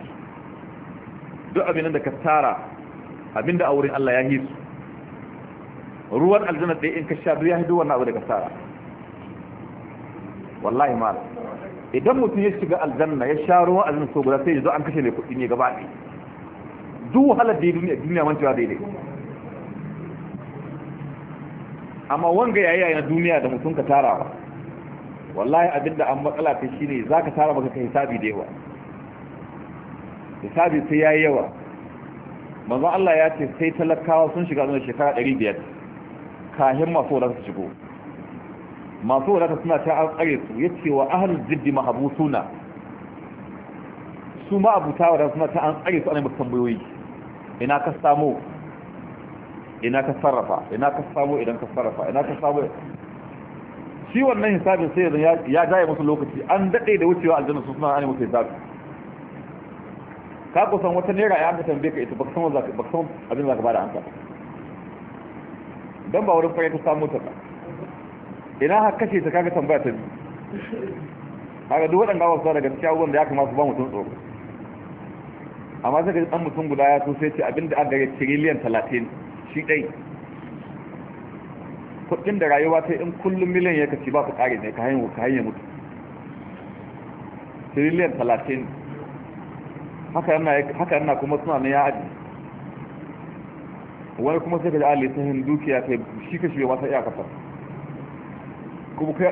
duk abin da ka tara abinda a wurin Allah ya hisu ruwan aljanna da in ka sha duk ya hidu wannan abu da ka tara wallahi mal idan mutum ya shiga aljanna ya sha ruwan aljanna so guda sai ya zo an kashe ne kuɗi ne gaba ɗaya duk wahalar da ya duniya duniya mancewa daidai amma wanga yayi yayin duniya da mutum ka tarawa wallahi abin da an matsala ta shine zaka tara maka ka hisabi da yawa hisabi sai yayi yawa manzo Allah ya ce sai talakawa sun shiga zuwa shekara 500 kahin masu da su shigo masu wadata suna ta an tsare su ya ce wa ahal ziddi mahabu suna su ma abuta wadata suna ta an tsare su ana mutum tambayoyi ina ka samo ina ka sarrafa ina ka samo idan ka sarrafa ina ka samo shi wannan hisabin sai ya jaye musu lokaci an daɗe da wucewa aljanna su suna ana mutum hisabi ka kusan wata naira ya aka tambaye ka ita baksan san abin zaka ka da amsa don ba wurin fara ta samu ta ba ina haka kashe ta kaga tambaya ta biyu haka duk waɗanda wasu da daga cikin abubuwan da ya kamata ba mutum tsoro amma sai ka ɗan mutum guda ya so sai ce abinda aka gari tiriliyan talatin shi ɗai kuɗin da rayuwa ta in kullum miliyan ya kaci ba ku ƙare ne ka hanyar ka hanyar mutu tiriliyan talatin haka yana kuma suna na ya aji wani kuma sai ka ji alisahin dukiya kai shi ka shi bai wata kasar.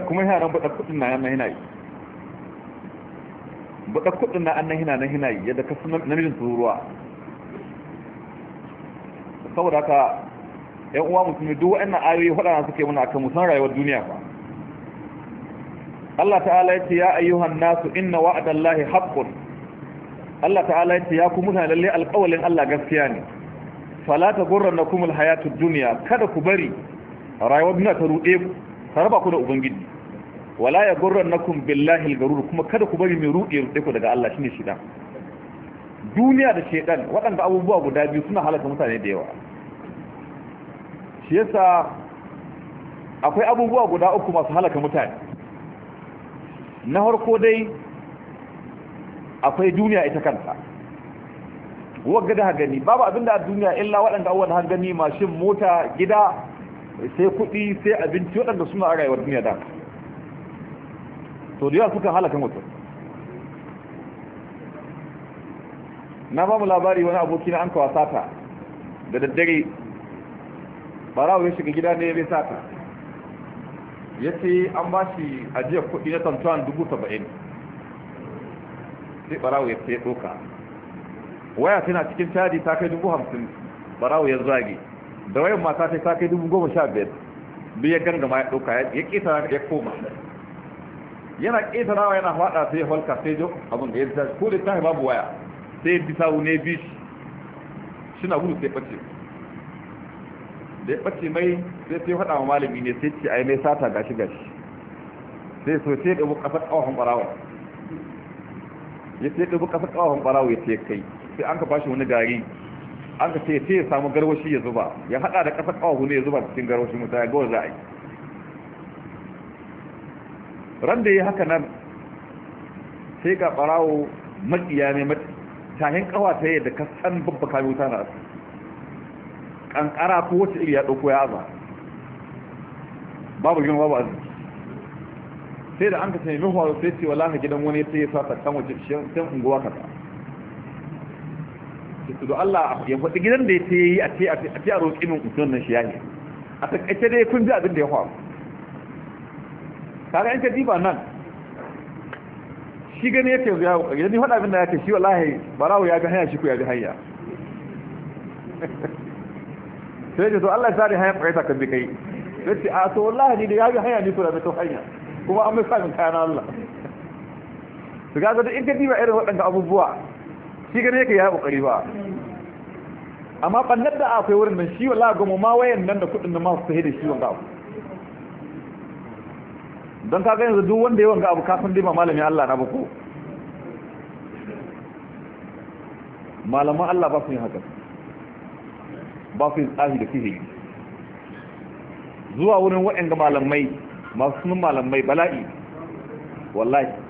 kuma yaran baɗa kuɗin na yana hinayi baɗa kuɗin na annan hina na hinayi yadda ka su namijin tururuwa saboda ka yan uwa musulmi duk waɗannan ayoyi waɗanda suke muna akan musan rayuwar duniya ba Allah ta'ala ya ce ya ayyuhan nasu inna wa'adallahi haqqun Allah ta'ala ya ce ya ku mutane lalle alƙawalin Allah gaskiya ne fala ta gurrannakum alhayatud duniya, kada ku bari rayuwar duniya ta ruɗe ku raba ku da ubangiji wala ya gurrannakum billahi al-garur kuma kada ku bari mai ruɗe ruɗe ku daga Allah shine shida duniya da shedan waɗanda abubuwa guda biyu suna halaka mutane da yawa shi yasa akwai abubuwa guda uku masu halaka mutane na harko dai akwai duniya ita kanta wagga da gani babu abinda a duniya illa waɗanda abubuwan har gani mashin mota gida sai kuɗi sai abinci waɗanda suna a rayuwar duniya da to da yawa suka halaka mutum na ba mu labari wani aboki na an kawa sata da daddare barawo ya shiga gida ne ya bai sata ya ce an ba shi ajiyar kuɗi na tantuwan dubu saba'in sai barawo ya ce ya tsoka waya tana cikin caji ta kai dubu hamsin barawo ya zage da wayan mata ta ta kai dubu goma sha biyar duk ya gangama ya ɗauka ya ƙetara ya koma yana ƙetarawa yana faɗa sai ya falka sai jo abin da ya zita ko da ta babu waya sai ya bisa wune bi shi na gudu sai ɓace da ya ɓace mai sai sai faɗa wa malami ne sai ce yi mai sata gashi gashi sai so sai ɗabu ƙasar ƙawahon ɓarawa ya sai ɗabu ƙasar ƙawahon ɓarawa ya ce kai sai an ka bashi wani gari an ka ce ya samu garwashi ya zuba ya haɗa da ƙasa ƙawa ne ya zuba cikin garwashi mutane ya gawar za a yi ran da ya haka nan sai ga ɓarawo maƙiya ne matahin ƙawa ta yadda ka san babba kami wuta na asu ƙanƙara ko wacce iri ya ɗauko ya aza babu gina babu arziki sai da an ka sami min horo sai ce wala ka gidan wani sai ya sa ta kan wace shi unguwa kaza to Allah ya faɗi gidan da ya yi a ce a ce a roƙi min usulun nan shi yayi a takaice dai kun ji abin da ya faru kaga in ka diba nan shi gani yake ya idan ni faɗa abin da yake shi wallahi barawo ya ga hanya shi ko ya ga hanya [LAUGHS] sai ce to Allah ya sa hanya kwaita kan bi kai sai ce a to wallahi ni da ya ga hanya ni ko da ta hanya kuma an bai sa min kayan Allah su ga da in ka diba irin waɗanda abubuwa shi gane ka yi kokari ba amma ɓannar da akwai wurin nan shi wala ga ma wayan nan da kudin da masu sahi da shi wanga abu don ka yanzu zuwa wanda ya wanga abu kafin dima ba malami Allah na ba ko malaman Allah ba su yi haka ba su yi tsari da sihiri zuwa wurin ga malamai masu sunan malamai bala'i wallahi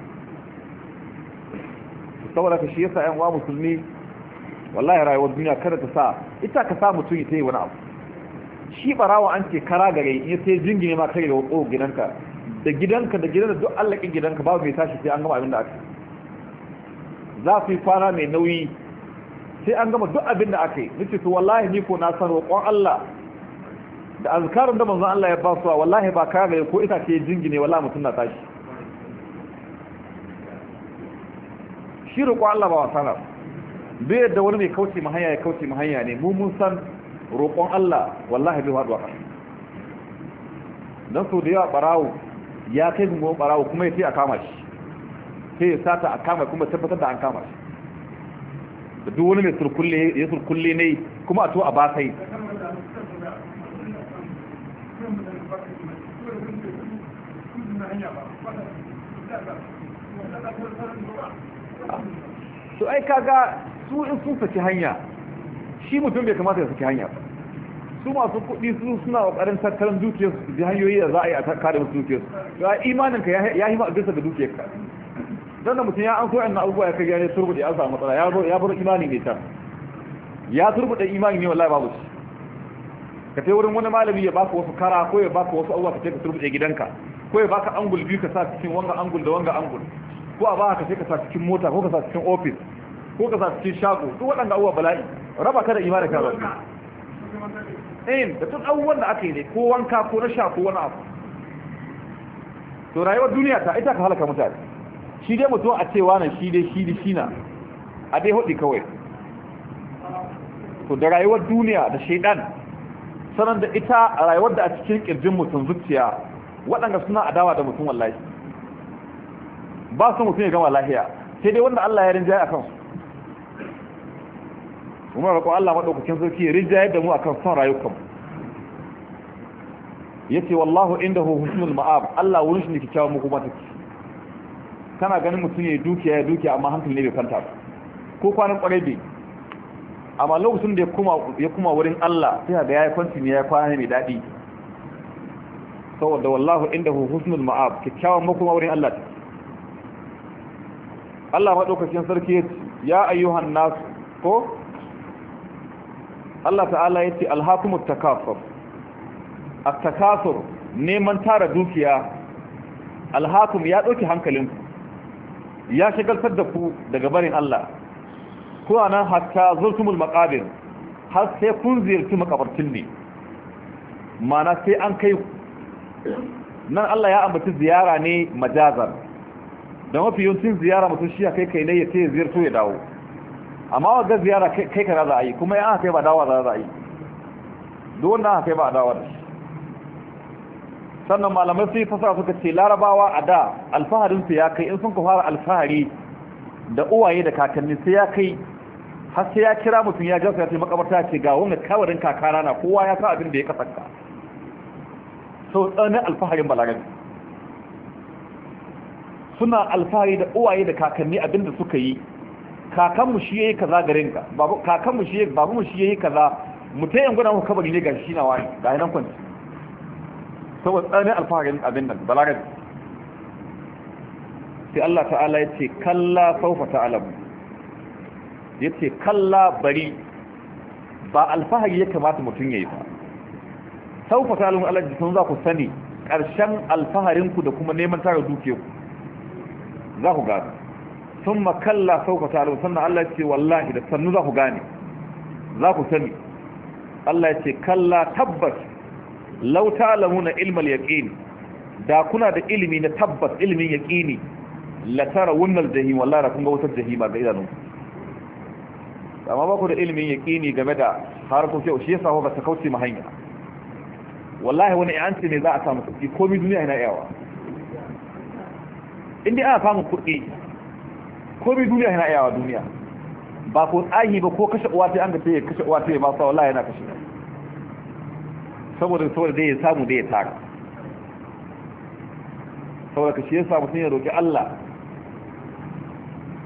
saboda ka shi yasa yan uwa musulmi wallahi rayuwar duniya kada ta sa ita ka sa mutum ya yi wani abu shi barawa an ce kara gare in sai jingine ma kai da wato gidanka da gidanka da gidanka duk Allah kin gidanka babu mai tashi sai an gama abin da aka za su yi kwana mai nauyi sai an gama duk abin da aka yi nace to wallahi ni ko na san roƙon Allah da azkarun da manzon Allah ya ba su wallahi ba kara gare ko ita ce jingine wallahi mutum na tashi shi roƙo Allah ba wasa ba bai yadda wani mai kauce mahaya hanya ya kauce mahaya hanya ne mu mun san roƙon Allah wallahi bai haɗuwa ƙasa don so da yawa ɓarawo ya kai gungun ɓarawo kuma ya ce a kama shi sai ya sata a kama kuma tabbatar da an kama shi da duk wani mai surkulle ya surkulle ne kuma a to a basai Thank you. to ai kaga su in sun saki hanya shi mutum bai kamata ya saki hanya ba su masu kuɗi su suna ƙoƙarin tattalin dukiyar su ji hanyoyi da za a yi a kare musu dukiyar su ya imanin ka ya yi ma'adarsa da dukiyar ka don da mutum ya an so yana abubuwa ya kai yare turbuɗe an samu matsala ya bar imani ne ta ya turbuɗe imani ne wallahi babu shi ka tai wurin wani malami ya baka wasu kara ko ya baka wasu abubuwa ka ce ka turbuɗe gidanka ko ya baka angul biyu ka sa cikin wanga angul da wanga angul ko a ba ka sai ka sa cikin mota ko ka sa cikin ofis ko ka sa cikin shago duk waɗanda abubuwa bala'i raba ka da imanin ka kaza in da tun abubuwan da aka yi ne ko wanka ko na sha ko wani abu to rayuwar duniya ta ita ka halaka mutane shi dai mutum a cewa nan shi dai shi dai shi na a dai hudu kawai to da rayuwar duniya da shaidan sanan da ita rayuwar da a cikin kirjin mutum zuciya waɗanda suna adawa da mutum wallahi ba su mutum ya gama lahiya sai dai wanda Allah ya a akan su umar roƙon Allah maɗaukacin sarki ya rinjaye da mu akan son rayukan ce wallahu inda indahu husnul ma'ab Allah wurin shi ne kikkiawar makoma take kana ganin mutum ya dukiya ya dukiya amma hankali ne bai kwanta ba ko kwanan kwarai bai amma lokacin da ya kuma wurin Allah sai ga yayi kwanci ne ya kwana ne mai daɗi saboda wallahu indahu husnul ma'ab kyakkyawan makoma wurin Allah ce Allah maɗaukakin sarki ya ya ayyuhan nasu ko Allah ta'ala ya ce alhakumut takasur at-takasur neman tara dukiya alhakum ya ɗauki hankalinku ya shigar da ku daga barin Allah kuna nan hatta zurtumul maqabir har sai kun ziyarci makabartin ne mana sai an kai nan Allah ya ambaci ziyara ne majazar da mafi yawancin ziyara mutum shi ya kai kai ne ya ce ziyarto ya dawo amma wa gan ziyara kai ka za a yi kuma ya aka kai ba dawa za a yi duk wanda aka kai ba a dawa da shi sannan malamai sun yi fasa suka ce larabawa a da alfaharinsu ya kai in sun ka fara alfahari da uwaye da kakanni sai ya kai har sai ya kira mutum ya gasa ya ce makabarta ce ga wanda kawarin kakana na kowa ya sa abin da ya kasanta Sau tsanin alfaharin balagari suna alfahari da uwaye da kakanni abinda suka yi kakanmu shi yayi kaza garin ka babu kakanmu shi yayi babu shi yayi kaza mutai yan gudan kabari ne shi na wani ga nan kwanci saboda tsarin alfaharin abin nan balagar sai Allah ta'ala yace kalla sawfa ta'lam yace kalla bari ba alfahari ya kamata mutun yayi ba sawfa ta'lam Allah ji sun za ku sani karshen alfaharinku da kuma neman tara dukiyarku za ku gane sun makalla sau ta alamu sannan Allah ce wallahi da sannu za ku gane za ku sani Allah ce kalla tabbas lau ta na ilmal yaƙini da kuna da ilimi na tabbas ilimin yaƙini latara wannan jahi wallahi da kun ga wutar jahima ga idanu. amma ba ku da ilimin yaƙini game da harkokin shi yasa ba ta kauce mahanya hanya wallahi wani yanci ne za a samu sauki komai duniya yana yawa inda ana samun kuɗi ko bi duniya yana iyawa duniya ba ko tsahi ba ko kashe uwa ta an ga sai kashe uwa ta ba sa wallahi yana kashe saboda saboda dai ya samu dai ya tara saboda kashe ya samu sun ya roƙi Allah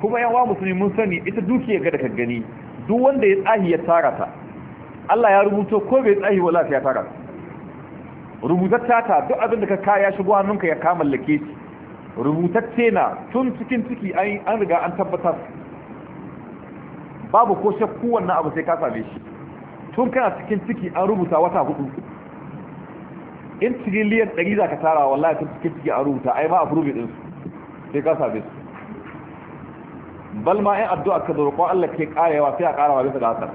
kuma yan wa musulmi mun sani ita dukiya ga da ka gani duk wanda ya tsahi ya tara ta Allah ya rubuto ko bai tsahi wallahi ya tara ta rubutar ta duk abin da ka kaya shigo hannunka ya kamallake shi rubutacce na tun cikin ciki an riga an tabbatar babu ko shakku wannan abu sai ka same shi tun kana cikin ciki an rubuta wata hudu in tiriliyan ɗari za ka tara wallahi tun cikin ciki an rubuta ai ma a furubi ɗinsu sai ka same su bal ma in addu'a ka da ko Allah ke karewa sai a ƙarawa bisa da haka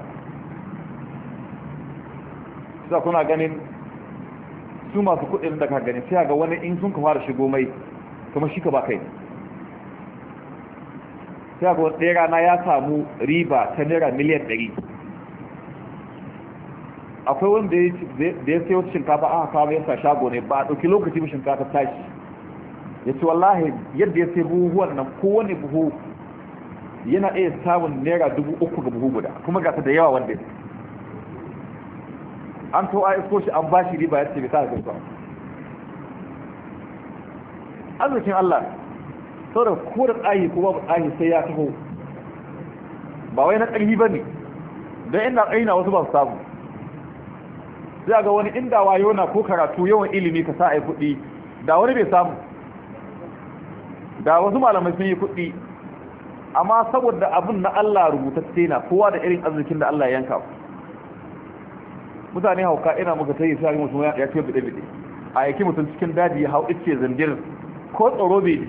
sai kuna ganin su masu kuɗin da ka gani sai ga wani in sun ka fara shigo mai kuma shi ka ba kai sai ga na ya samu riba ta naira miliyan 100 akwai wanda da ya sayo shinkafa aka kawo ya sa shago ne ba a ɗauki lokaci ba shinkafa tashi ya ce wallahi yadda ya sai buhuhuwan nan kowane buhu yana iya samun naira dubu uku ga buhu guda kuma gasa da yawa wanda an to a iskoshi an ba shi riba ya ce bai sa da arzikin Allah saboda ko da tsahi ko babu tsahi sai ya taho ba wai na ƙarfi ba ne don ina ƙaina wasu ba su samu sai ga wani inda wayo na ko karatu yawan ilimi ka sa a yi kuɗi da wani bai samu da wasu malamai sun yi kuɗi amma saboda abin na Allah rubutacce na kowa da irin arzikin da Allah yanka mutane hauka ina muka tayi sai mutum ya ce bide bide a yake mutum cikin daji ya hau ice zindir ko tsoro bai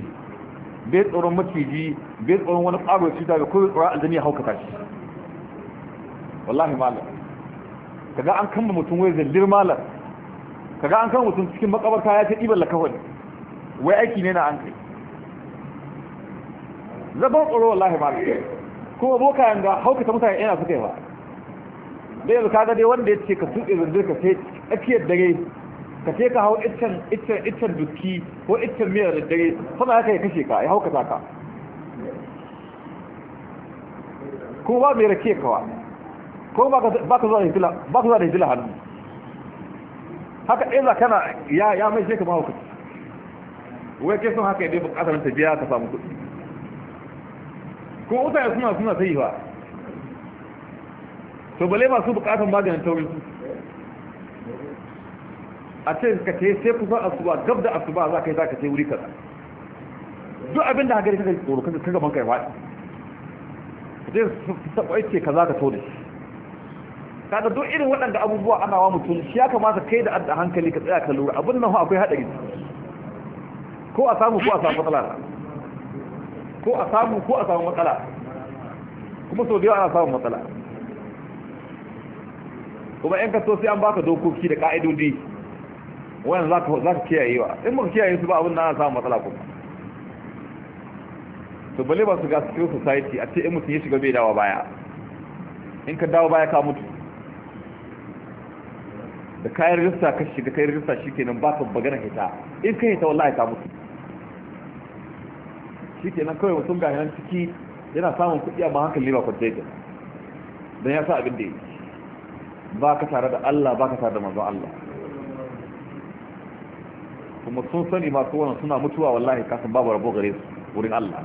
bai tsoron maciji bai tsoron wani ƙaro cuta ga kowai tsoron aljani ya haukata shi wallahi malam kaga an kama mutum wai zallir malam kaga an kama mutum cikin makabarta ya ce ɗiban lakawar wai aiki ne na an kai zaban tsoro wallahi malam kuma boka yanga haukata mutane yana suka yi ba Ɗaya yanzu kaga dai wanda ya ce ka tuɗe zallir ka sai tsakiyar dare ka ce ka hau iccen duki ko iccen miyar da dare sama ya kai kashe ka ya hauka ka kuma ba mai rake kawa kuma ba ka zuwa da hitila hannu haka iza kana ya ya mai sheka ma hukuta wai ke sun haka yadda bukatar ta biya ka samu kuɗi kuma utaya suna suna sai ba to bale masu bukatar maganin taurin su a ce ka ce sai kusan asuba gab da asuba za ka yi za ka ce wuri kaza duk abin da hagari kaga tsoro kaka kaga banka ya faɗi zai taɓa yake kaza ka tone kada duk irin waɗanda abubuwa ana wa mutum shi ya kamata kai da adda hankali ka tsaya ka lura abin nan akwai haɗari ko a samu ko a samu matsala ko a samu ko a samu matsala kuma sau da yawa ana samun matsala kuma yan ka so sai an baka dokoki da ka'idodi wani za ka kiyaye wa in ka kiyaye su ba abin da ana samun matsala kuma to bale ba su ga civil society a ce in mutum ya shiga bai dawo baya in ka dawo baya ka mutu da kayan rijista ka shiga kayan rijista shi kenan ba ka bagana hita in ka hita wallahi ka mutu shi kenan kawai mutum ga nan ciki yana samun kuɗi amma hankali ba kwanciyar don ya sa abin da ya ba ka tare da Allah ba ka tare da manzon Allah kuma sun sani masu wannan suna mutuwa wallahi kasan babu rabo gare su wurin Allah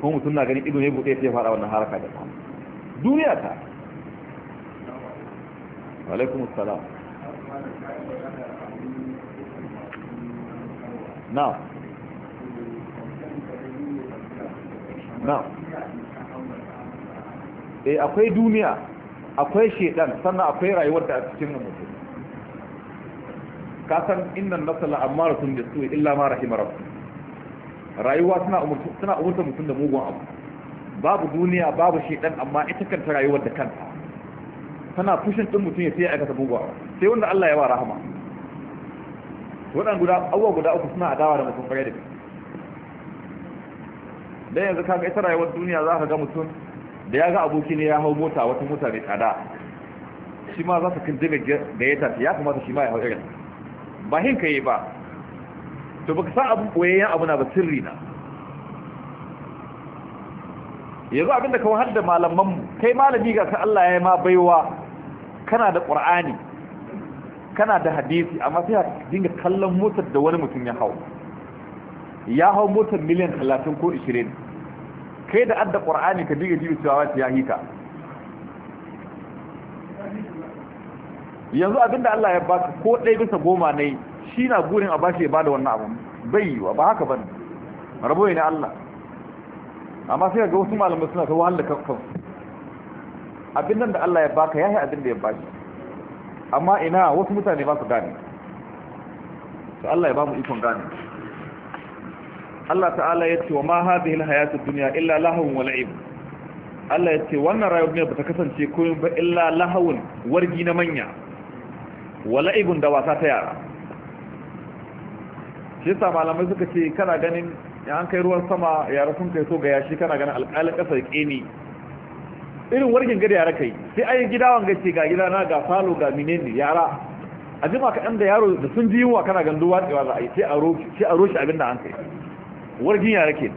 ko mutum na ganin ido ne buɗe sai fara wannan haraka da ta duniya ta alaikum assalam na na eh akwai duniya akwai shedan sannan akwai rayuwar da a cikin mutum ka san innan nasala amma rasu da su illa ma rahima rabbi rayuwa suna umurta suna umurta mutum da mugun abu babu duniya babu shedan amma ita kanta rayuwar da kanta tana fushin din mutum ya sai aikata mugun abu sai wanda Allah ya ba rahama wadan guda awwa guda uku suna adawa da mutum fare da dan yanzu kaga ita rayuwar duniya za ka ga mutum da ya ga aboki ne ya hau mota wata mota ne tsada shi ma za ta kin diga gayyata ya kamata shi ma ya hau irin ba hin ka ba to baka san abin koyayyen abu na ba sirri na yanzu abinda ka wahar da malamanmu kai malami ga ka Allah ya yi ma baiwa kana da ƙur'ani kana da hadisi amma sai ka dinga kallon motar da wani mutum ya hau ya hau motar miliyan talatin ko ishirin kai da adda ƙur'ani ka dinga jibi cewa ya hika yanzu abinda Allah ya baka ko ɗaya bisa goma ne shi na gurin a bashi ya bada wannan abu bai yi ba haka ne. rabo ne Allah amma sai ga wasu malamai suna ta wahala kakkon abin nan da Allah ya baka yayi abin da ya bashi amma ina wasu mutane ba su gane to Allah ya ba mu ikon gane Allah ta'ala ya ce wa ma hadhihi al-hayatu dunya illa lahawun wa la'ib Allah ya ce wannan rayuwar duniya ba ta kasance komai ba illa lahawun wargi na manya wala ibun da wasa ta yara shi sa malamai suka ce kana ganin ya an kai ruwan sama yara sun kai so ga yashi kana ganin alƙalin ƙasar ƙeni irin wargin gada yara kai sai ayi gida wanga ce ga na ga falo ga minene yara a jima kaɗan da yaro da sun ji yiwuwa kana gandu watsewa za a yi sai a roshi abin da an kai wargin yara ke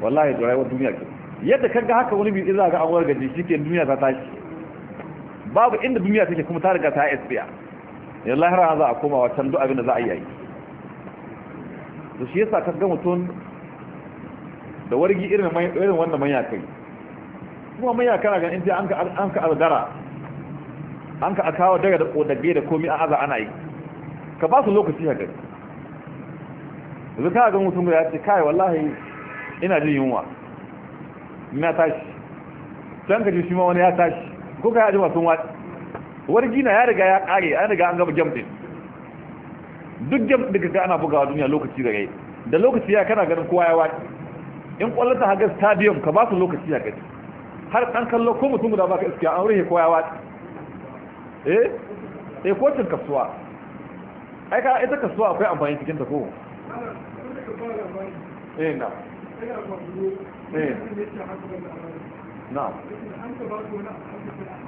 wallahi da rayuwar duniya ke yadda kan ga haka wani bi za ga an wargaje shi ke duniya ta tashi babu inda duniya take kuma ta riga ta yi tsaya ya lahira za a koma wacan duk abin da za a yi da shi yasa ka ga mutum da wargi irin irin wannan mayakai kuma mayaka na ganin sai an ka an ka algara an ka akawa daga da kodage da komai a aza ana yi ka ba su lokaci haka yanzu ka ga mutum ya ce kai wallahi ina jin yunwa ina tashi can ka ji shi ma wani ya tashi ko ka aji masu watsi Wani gina ya riga ya kare ya riga an gaba jamfin duk jamfin daga ga ana bugawa duniya lokaci da rai da lokaci ya kana ganin kowa ya watsi in kwallata haka haga stadium ka ba su lokaci ya gani har ɗan kallo ko mutum guda baka iskiya an rufe kowa ya watsi eh eh kotun kasuwa ai ka ita kasuwa akwai amfani cikin ta ko eh na eh na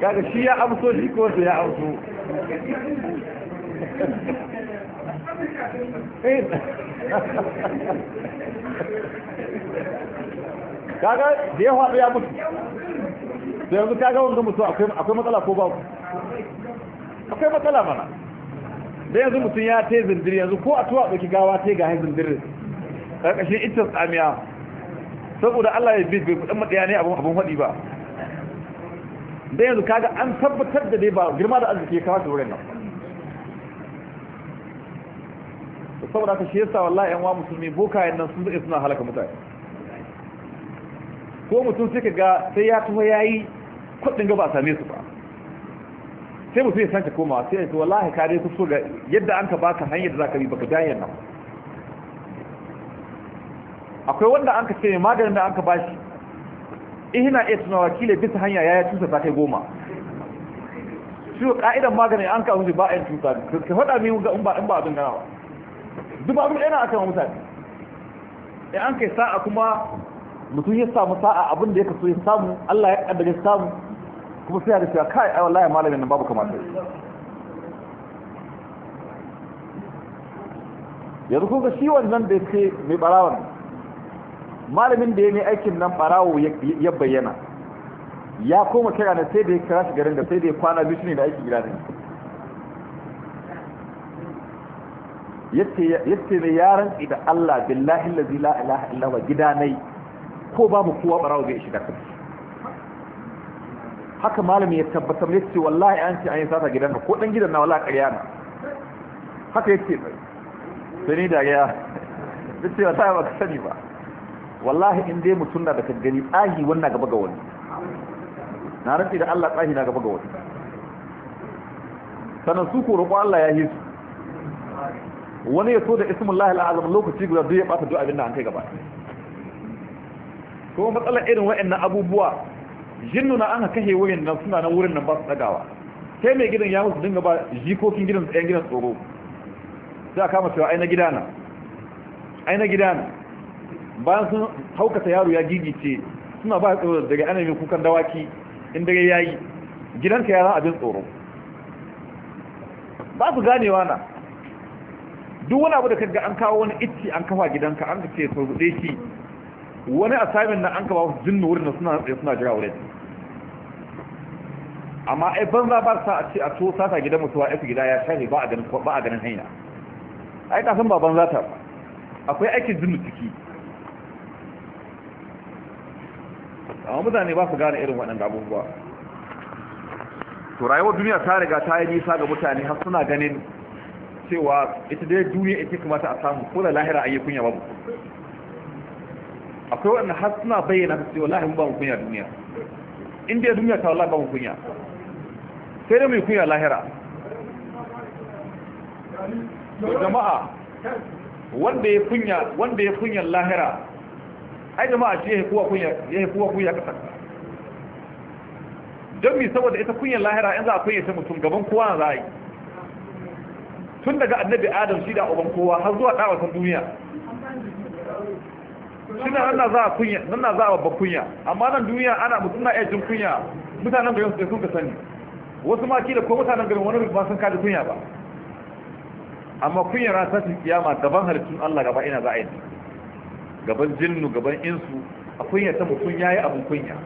kaga shi ya amso shi ko ya amso kaga da ya haɗu ya mutu da yanzu kaga wanda mutu akwai matsala ko babu akwai matsala mana da yanzu mutum ya te zindir yanzu ko a tuwa ɗauki gawa te ga hin zindir ƙarƙashin ita tsamiya saboda Allah ya bi bai kudin matsaya ne abin abin haɗi ba da yanzu kaga an tabbatar da dai ba girma da arziki ya kawo da wurin nan to saboda ka shi yasa wallahi yan wa musulmi bokayen nan sun zai suna halaka mutane ko mutum sai ga sai ya tuwa yayi kudin ga ba same su ba sai mutum ya sanka komawa sai ya ce wallahi ka dai so ga yadda an ka baka hanyar da zaka bi baka jayen nan akwai wanda an ka ce maganin da an ka bashi Eh, ina iya tunawa kila bisa hanya ya tusa ta kai goma shi ka'idan magani an ka shi ba a yin tusa ka faɗa min ga in ba in ba abin gana ba dubarun yana akan mutane in an kai sa'a kuma mutum ya samu sa'a abin da ya kaso ya samu Allah ya kaddare samu kuma sai ya da cewa kai ai wallahi malamin nan babu kamar sai yanzu kun shi wannan da yake mai barawan malamin da ya mai aikin nan barawo ya bayyana ya koma kira na sai da ya kira shi garin da sai da ya kwana biyu ne da aiki gida ne yace ne ya rantsi da Allah billahi allazi la ilaha illa huwa gida nai ko babu kowa barawo bai shiga kai haka malami ya tabbatar ya ce wallahi an ce an yi sata gidan ko dan gidan na wallahi ƙarya na haka ce sai ni da ya ce ba ta ba sani ba wallahi in dai mutum na da ka gani tsahi wannan gaba ga wani na rantsi da Allah tsahi na gaba ga wani sanan su ko roƙo Allah ya yi su wani ya so da ismullahi al'azam lokaci guda zai ya ɓata duk abin da an kai gaba kuma matsalar irin wa'annan abubuwa jinnu na an kashe wayan nan suna na wurin nan ba su tsagawa sai mai gidan ya musu dinga ba jikokin gidan tsayen gidan tsoro za a kama cewa aina gidana aina gidana bayan sun haukata yaro ya gigice suna ba tsoro da dare ana mai kukan dawaki in dare ya yi gidanka ya abin tsoro ba su ganewa na duk wani abu da kaga an kawo wani itti an kafa gidanka an ka ce turbuɗe shi wani assignment na an ka wasu su jinnu wurin suna tsaye suna jira wuri amma ai banza ba sa a ce a tosa sata gidan mutuwa fi gida ya shafe ba a ganin ba a ganin hanya ai ka san ba banza ta akwai aikin jinnu ciki amma mutane ba su gane irin waɗanda abubuwa to rayuwar duniya ta riga ta yi nisa ga mutane har suna ganin cewa ita dai duniya ita kamata a samu ko da lahira a yi kunya babu akwai waɗanda har suna bayyana su cewa lahira ba mu kunya duniya Inda duniya ta wallahi ba mu kunya sai dai mu kunya lahira to jama'a wanda ya kunya wanda ya kunya lahira ai jama'a shi ya kuwa kunya kasar don mi saboda ita kunyar lahira yanzu a kunyar ta mutum gaban kowa na za a yi tun daga annabi adam shi da uban kowa har zuwa ɗawasan duniya shi na nan za a kunya nan na za a babban kunya amma nan duniya ana mutum na ejin kunya mutanen garin su sun ka sani wasu ma kila ko mutanen garin wani ba sun kada kunya ba amma kunya ran sashin kiyama gaban halittun Allah gaba ina za a yi gaban jinnu gaban insu a kunya ta mutum ya yi abin kunya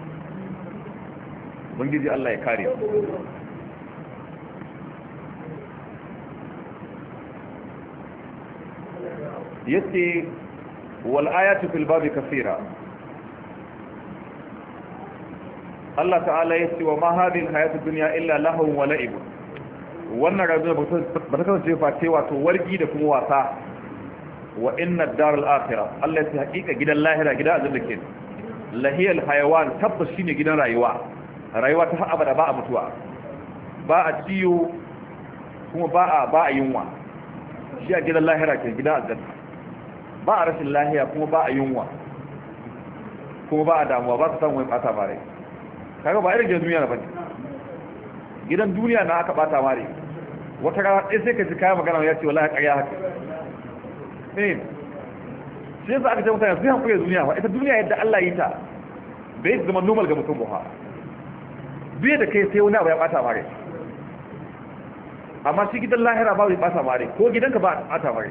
bangiji Allah ya kare yace wal ayatu fil babi kaseera Allah ta'ala yace wa ma hadhihi al hayatu dunya illa lahun wa la'ib wannan rayuwa ba ta kasance face wato wargi da kuma wasa wa inna ad-dar al-akhirah allati haqiqa gidan lahira gidan azab ke lahiyal hayawan tabbas shine gidan rayuwa rayuwa ta abada ba a mutuwa ba a ciyo kuma ba a ba a yunwa shi a gidan lahira ke gidan azab ba a rashin lahiya kuma ba a yunwa kuma ba a damuwa ba ta san wani bata mare kaga ba irin gidan duniya na bane gidan duniya na aka bata mare wata rana ɗaya sai ka ji kayan magana ya ce wallahi ƙarya haka ne eh. shi yasa aka ce mutane su hankali duniya ba ita duniya yadda Allah yi ta bai zama normal ga mutum ba biye da kai sai wani abu ya bata mare amma shi gidan lahira ba zai bata mare ko gidanka ba a bata mare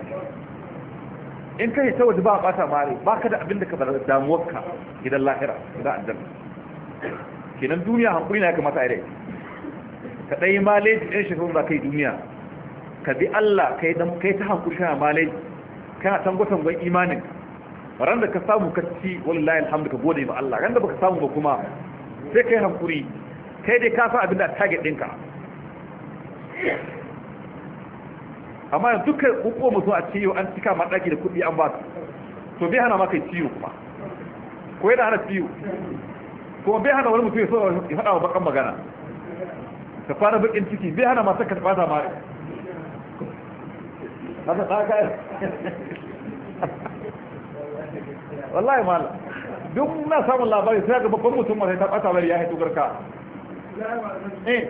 in kai ta waje ba a bata mare ba ka da abin da ka bar damuwarka gidan lahira da aljanna kenan duniya hankuri na ya kamata a yi ka dai maleji ɗin shekarun da yi duniya ka bi Allah kai ta hankuri kana maleji kana tangwatan gwan imanin ran da ka samu ka ci wallahi alhamdu ka gode ba Allah ran da baka samu ba kuma sai kai hankuri kai dai ka san abinda da target ɗinka amma yanzu duka uku mutum a yau an cika ma ɗaki da kuɗi an ba su to bai hana ma kai ciwo kuma ko yana hana ciwo kuma bai hana wani mutum ya so ya faɗa wa bakan magana ka fara bakin ciki bai hana ma saka ta ɓata ma haka ta [LAUGHS] wallahi mala duk na samun labari sai ga babban mutum mai ta bari ya haitu garka eh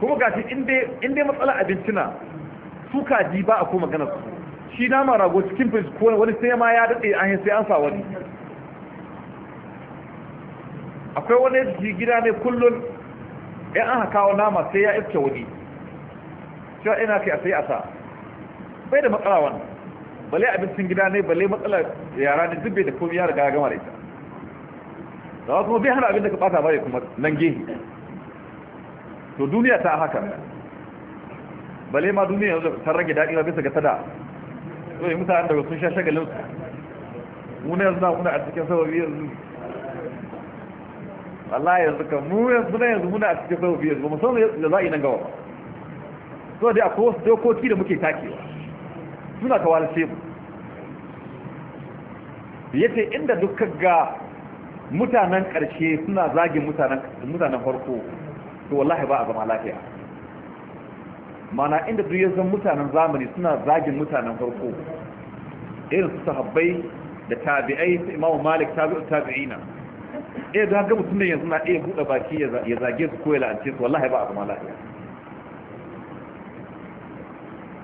kuma gashi in dai matsala abinci na su kaji ba a ko magana su shi nama rago cikin fish ko wani sai ma ya dade an sai an sa wani akwai wani gida ne kullun ya an kawo nama sai ya iske wani cewa ina kai a sai a sa bai da matsala wannan bale abincin gida ne bale matsalar yara ne duk bai da komi ya riga gama da ita da kuma bai hana abin da ka fata bare kuma nan gehe to duniya ta haka bale ma duniya yanzu ta rage daɗi ba bisa ga tada so yi mutane daga sun sha shagalin su muna yanzu na muna a cikin sababi yanzu Allah yanzu kan mu yanzu na yanzu muna a cikin sababi yanzu ba musamman ya za a yi nan gawa so dai a kowace dokoki da muke takewa suna ka walace mu yace inda duk ga mutanen karshe suna zagin mutanen mutanen farko to wallahi ba a zama lafiya mana inda duk yanzu mutanen zamani suna zagin mutanen farko irin su sahabbai da tabi'ai su imam malik tabi'u tabi'ina eh da ga mutum yanzu na iya buɗe baki ya zage su ko ya la'ance su wallahi ba a zama lafiya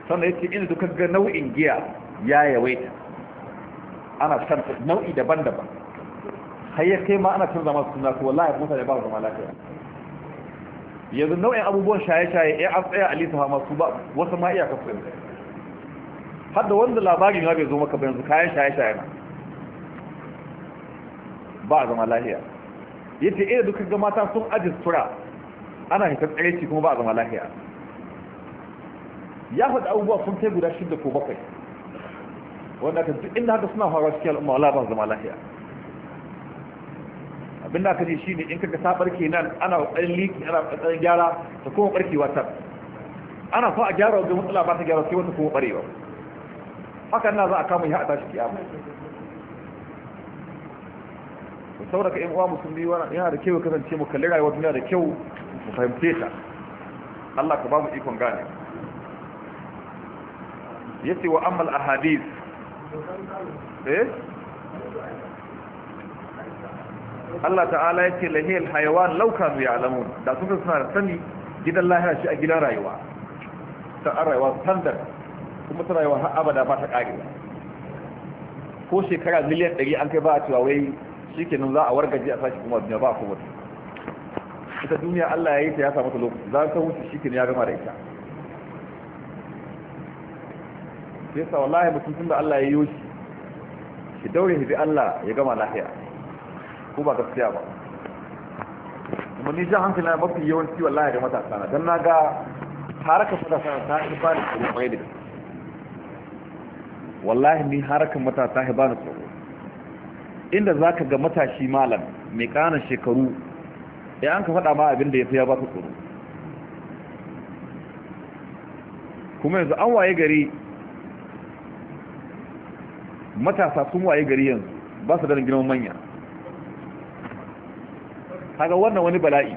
sannan yake inda duka ga nau'in giya ya yawaita ana san nau'i daban-daban har ya kai ma ana canza masu suna ko wallahi mutane ba zama lafiya yanzu nau'in abubuwan shaye-shaye ya eh, an tsaya a lisa su ba wasu ma iya kafin har da wanda labarin ya bai zo maka ba yanzu kayan shaye-shaye na ba a zama lahiya yace eh duka ga mata sun aji sutura ana hita tsareci kuma ba a zama lahiya ya faɗi abubuwa sun kai guda shida ko bakwai wanda ka duk inda haka suna faruwa cikin al'umma wala ba zama lahiya abin abinda aka ji shine in kaga ta barke nan ana ƙoƙarin liki ana ƙoƙarin gyara ta kuma barkewa ta ana so a gyara wajen matsala ba ta gyara sai wata kuma barewa haka ina za a kama ya haɗa shi kiyama ku sauraka 'yan uwa musulmi yana da kyau kasance mu kalli rayuwar duniya da kyau mu fahimce ta Allah ka ba mu ikon gane yace wa amal ahadith eh Allah ta'ala ya yace lahil hayawan lauka kanu ya'lamun da suka suna da sani gidan lahira shi a gidan rayuwa ta rayuwa standard kuma ta rayuwa har abada ba ta kare ko shekara miliyan 100 an kai ba a cewa wai shikenan za a wargaje a sashi kuma duniya ba a kuma ita duniya Allah ya yi ta ya samu ta lokaci za ta wuce shikenan ya gama da ita shi yasa wallahi mutum tun da Allah ya yi shi shi daure shi bi Allah ya gama lahiya ko ba gaskiya ba kuma ni jan hankali na mafi yawanci wallahi da matasa na dan ga haraka fada sana ta yi ba ni tsoro mai da wallahi ni harakan matasa ya ba ni tsoro inda zaka ga matashi malam mai kanan shekaru ya an ka faɗa ma abin da ya fi ya ba ka tsoro kuma yanzu an waye gari matasa sun waye gari yanzu ba su da girman manya haka wannan wani bala'i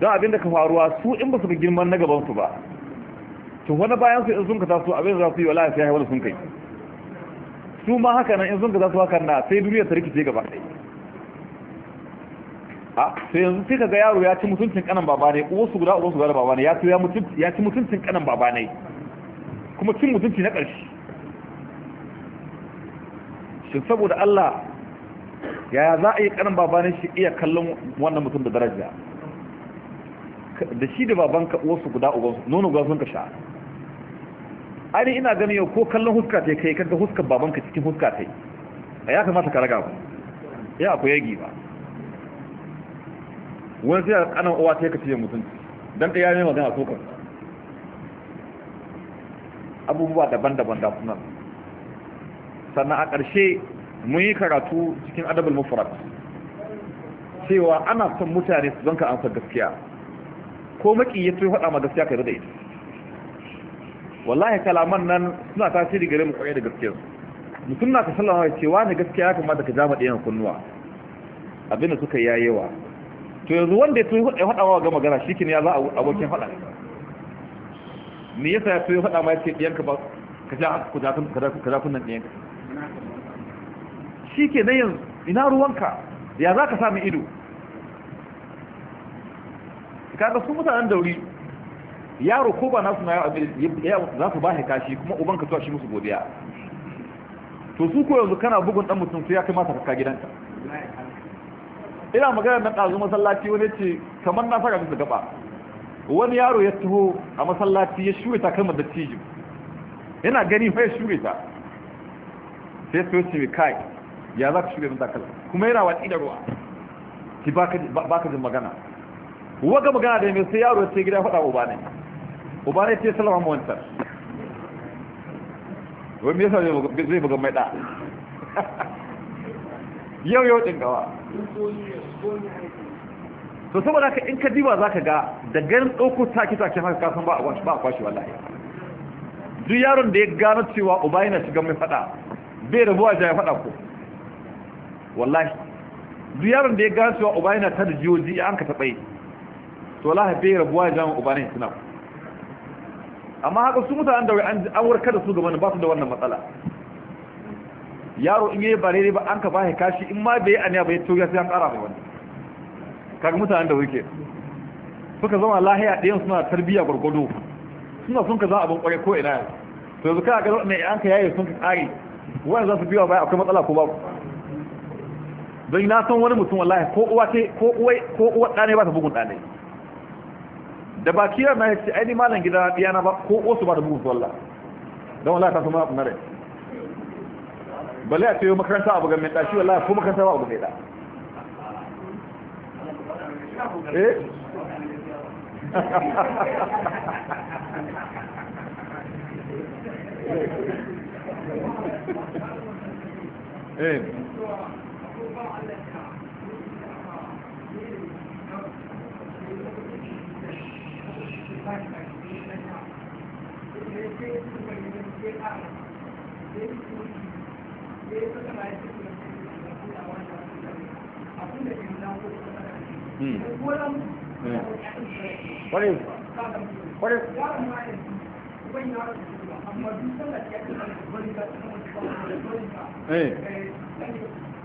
don abin da ka faruwa su in ba su da girman na gaban su ba to wani bayan su in sun ka taso abin za su yi wala sai wani sun kai su ma haka nan in sun ka taso haka na sai duniya ta rikice gaba ɗaya a sai yanzu sai kaga yaro ya ci mutuncin kanan baba ne uwa su guda uwa su guda baba ne ya ci mutuncin kanan baba ne kuma cin mutunci na ƙarshe shi saboda Allah yaya za a yi karin babanin shi iya kallon wannan mutum da daraja da shi da baban ka uwarsu guda ubansu nuna guda sun ka sha ani ina ganin yau ko kallon huska ta kai kaga huskar baban ka cikin huska ta a ya kamata ka raga ku ya akwai yagi ba wani sai kanan uwa ta kace mutunci don ɗaya yi magana a tokar abubuwa daban-daban da sunan sannan a ƙarshe mun yi karatu cikin adabul mufrad cewa ana son mutane su zanka an san gaskiya ko maki ya tuyi faɗa ma gaskiya kai da ita wallahi kalaman nan suna tasiri gare mu kwaye da gaskiyar mutum na ka sallama ya ce wani gaskiya ya kamata ka jama ɗayan kunnuwa abinda suka yi yawa to yanzu wanda ya tuyi faɗa ma ga magana shi ya za a abokin faɗa me yasa ya tuyi faɗa ma ya ce ɗiyanka ba ka ja ka ja kunnan ɗiyanka shi ke na yanzu ina ruwanka ya za ka sami ido kaga su mutanen dauri yaro ko ba nasu na yawa za su ba kashi kuma uban ka tuwa shi musu godiya to su ko yanzu kana bugun dan mutum sai ya kai mata kaka gidanka ina magana na ɗazu masallaci wani ce kamar na saka musu gaba wani yaro ya taho a masallaci ya shure ta kalmar da cijin yana gani fa ya shure ta sai su ce kai ya za ka shirya da zakala kuma yana watsi da ruwa ki ba ka jin magana waga magana da mai sai yaro ce gida faɗa uba ne uba ne ce salama mawantar wani ya sami zai bugan mai ɗa [LAUGHS] yau yau ɗin gawa to saboda ka in ka diba za ka ga da ganin ɗauko take-take haka kasan ba a kwashe wallahi duk yaron da ya gano cewa uba yana shiga mai faɗa bai rabuwa ja ya faɗa ko wallahi duk yaron da ya gane cewa uba yana ta da jiyoji an ka taɓa yi to wallahi bai rabuwa ya jami'a uba ne suna amma haka su mutanen da an warka da su gaban ba su da wannan matsala yaro in yayi ba daidai ba an ka bashi kashi in ma bai aniya bai to ya sai an ƙara mai wani kaga mutanen da wuke suka zama lahiya ɗayan suna tarbiyya gwargwado suna sun ka za abin ƙwarai ko ina yanzu to yanzu kana ga wannan an ka yaye sun ka kare. wannan za su biya baya akwai matsala ko babu don na san wani mutum wallahi ko uwa ce ko uwa ko uwa dane ba ta bugun dane da ba kiyar na yace ai ni malam gida ɗiya na ba ko uwa su ba ta bugun su wallahi don wallahi ta suma ma na rai balle a ce makaranta abu ga mai ɗashi wallahi ko makaranta ba abu ga da eh [LAUGHS] eh Hey.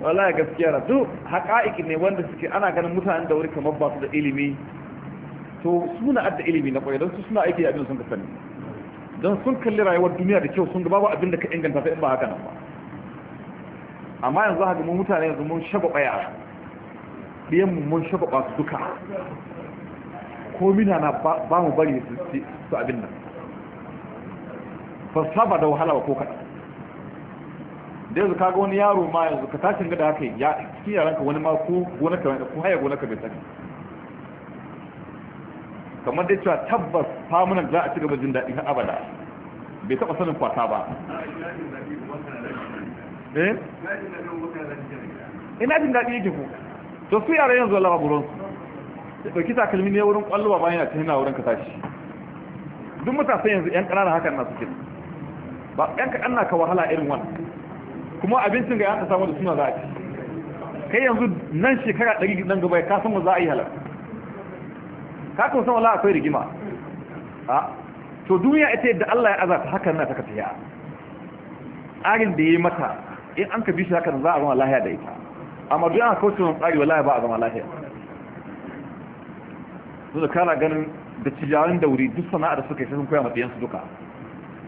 wala gaskiya da duk haƙa'iƙi ne wanda suke ana ganin mutanen da wuri kamar ba su da ilimi to suna adda ilimi na ƙwai don su suna aiki abin sun ka sani don sun kalli rayuwar duniya da kyau sun ga babu abin da ka inganta ta in ba haka nan ba amma yanzu haka mun mutane yanzu mun ƙwaya. ɗiyan mun shafaɓa su duka ko mina na ba mu bari su abin nan ba da wahala ba ko kaɗa da yanzu kaga wani yaro ma yanzu ka tashin gada haka ya cikin ka wani ma ko gonaka wani ko haya gonaka bai saka kamar dai cewa tabbas famunan za a ci gaba jin daɗi har abada bai taɓa sanin kwata ba eh? ina jin daɗi yake ku? to su yare yanzu Allah buron su dauki takalmi ne wurin kwallo ba yana cikin wurin ka tashi duk matasan yanzu yan kanana hakan na suke ba yan kadan na ka wahala irin wannan kuma abincin ga yanka samu da suna za a ci kai yanzu nan shekara ɗari nan gaba ka san mu za a yi halar ka kuma san wala akwai rigima a to duniya ita yadda Allah ya azata hakan na ta ka tafiya da ya yi mata in an ka bi shi hakan za a zama lahiya da ita amma duk an kauce mun tsari wallahi ba a zama lafiya su da kana ganin da cijawan dauri duk sana'a da suka yi sun koya matsayin su duka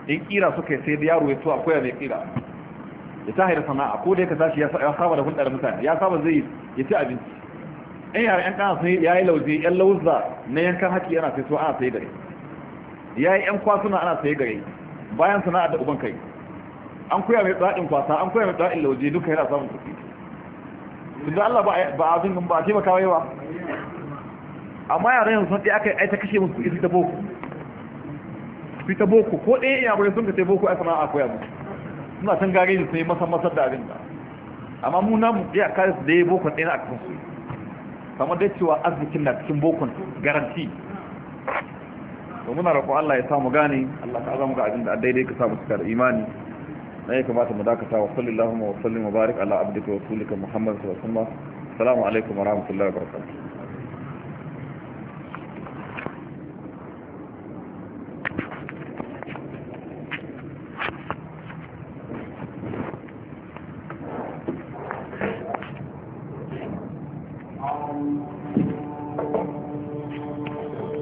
in kira suka yi sai da yaro ya tuwa koya mai kira ya ta haira sana'a ko da ya tashi ya saba da hulɗar mutane ya saba zai yi ya ci abinci in yara yan kana sai ya yi lauje yan lauza na yankan haƙi yana sai so ana sai gare ya yi yan kwasuna ana sai gare bayan sana'a da uban kai an koya mai tsadin kwasa an koya mai tsadin lauje duka yana samun kuɗi tunda Allah ba a abin ba a taimaka wai ba amma yaran yanzu sun ɗaya aka aita kashe musu kuɗi ta boko fita boko ko ɗaya iya wurin sun ka boko a sana'a koya musu suna can gare su sai masan masar da abin da amma mu na mu iya kare su da ya bokon ɗaya a aka su kamar dai cewa arzikin na cikin bokon garanti to muna roƙo Allah ya samu gane Allah ka azamu ga abin da daidai ka samu suka da imani na ya kamata mu dakata wa sallallahu wa sallim wa barik ala abdika wa rasulika muhammad sallallahu alaihi wa sallam assalamu alaikum wa rahmatullahi wa barakatuh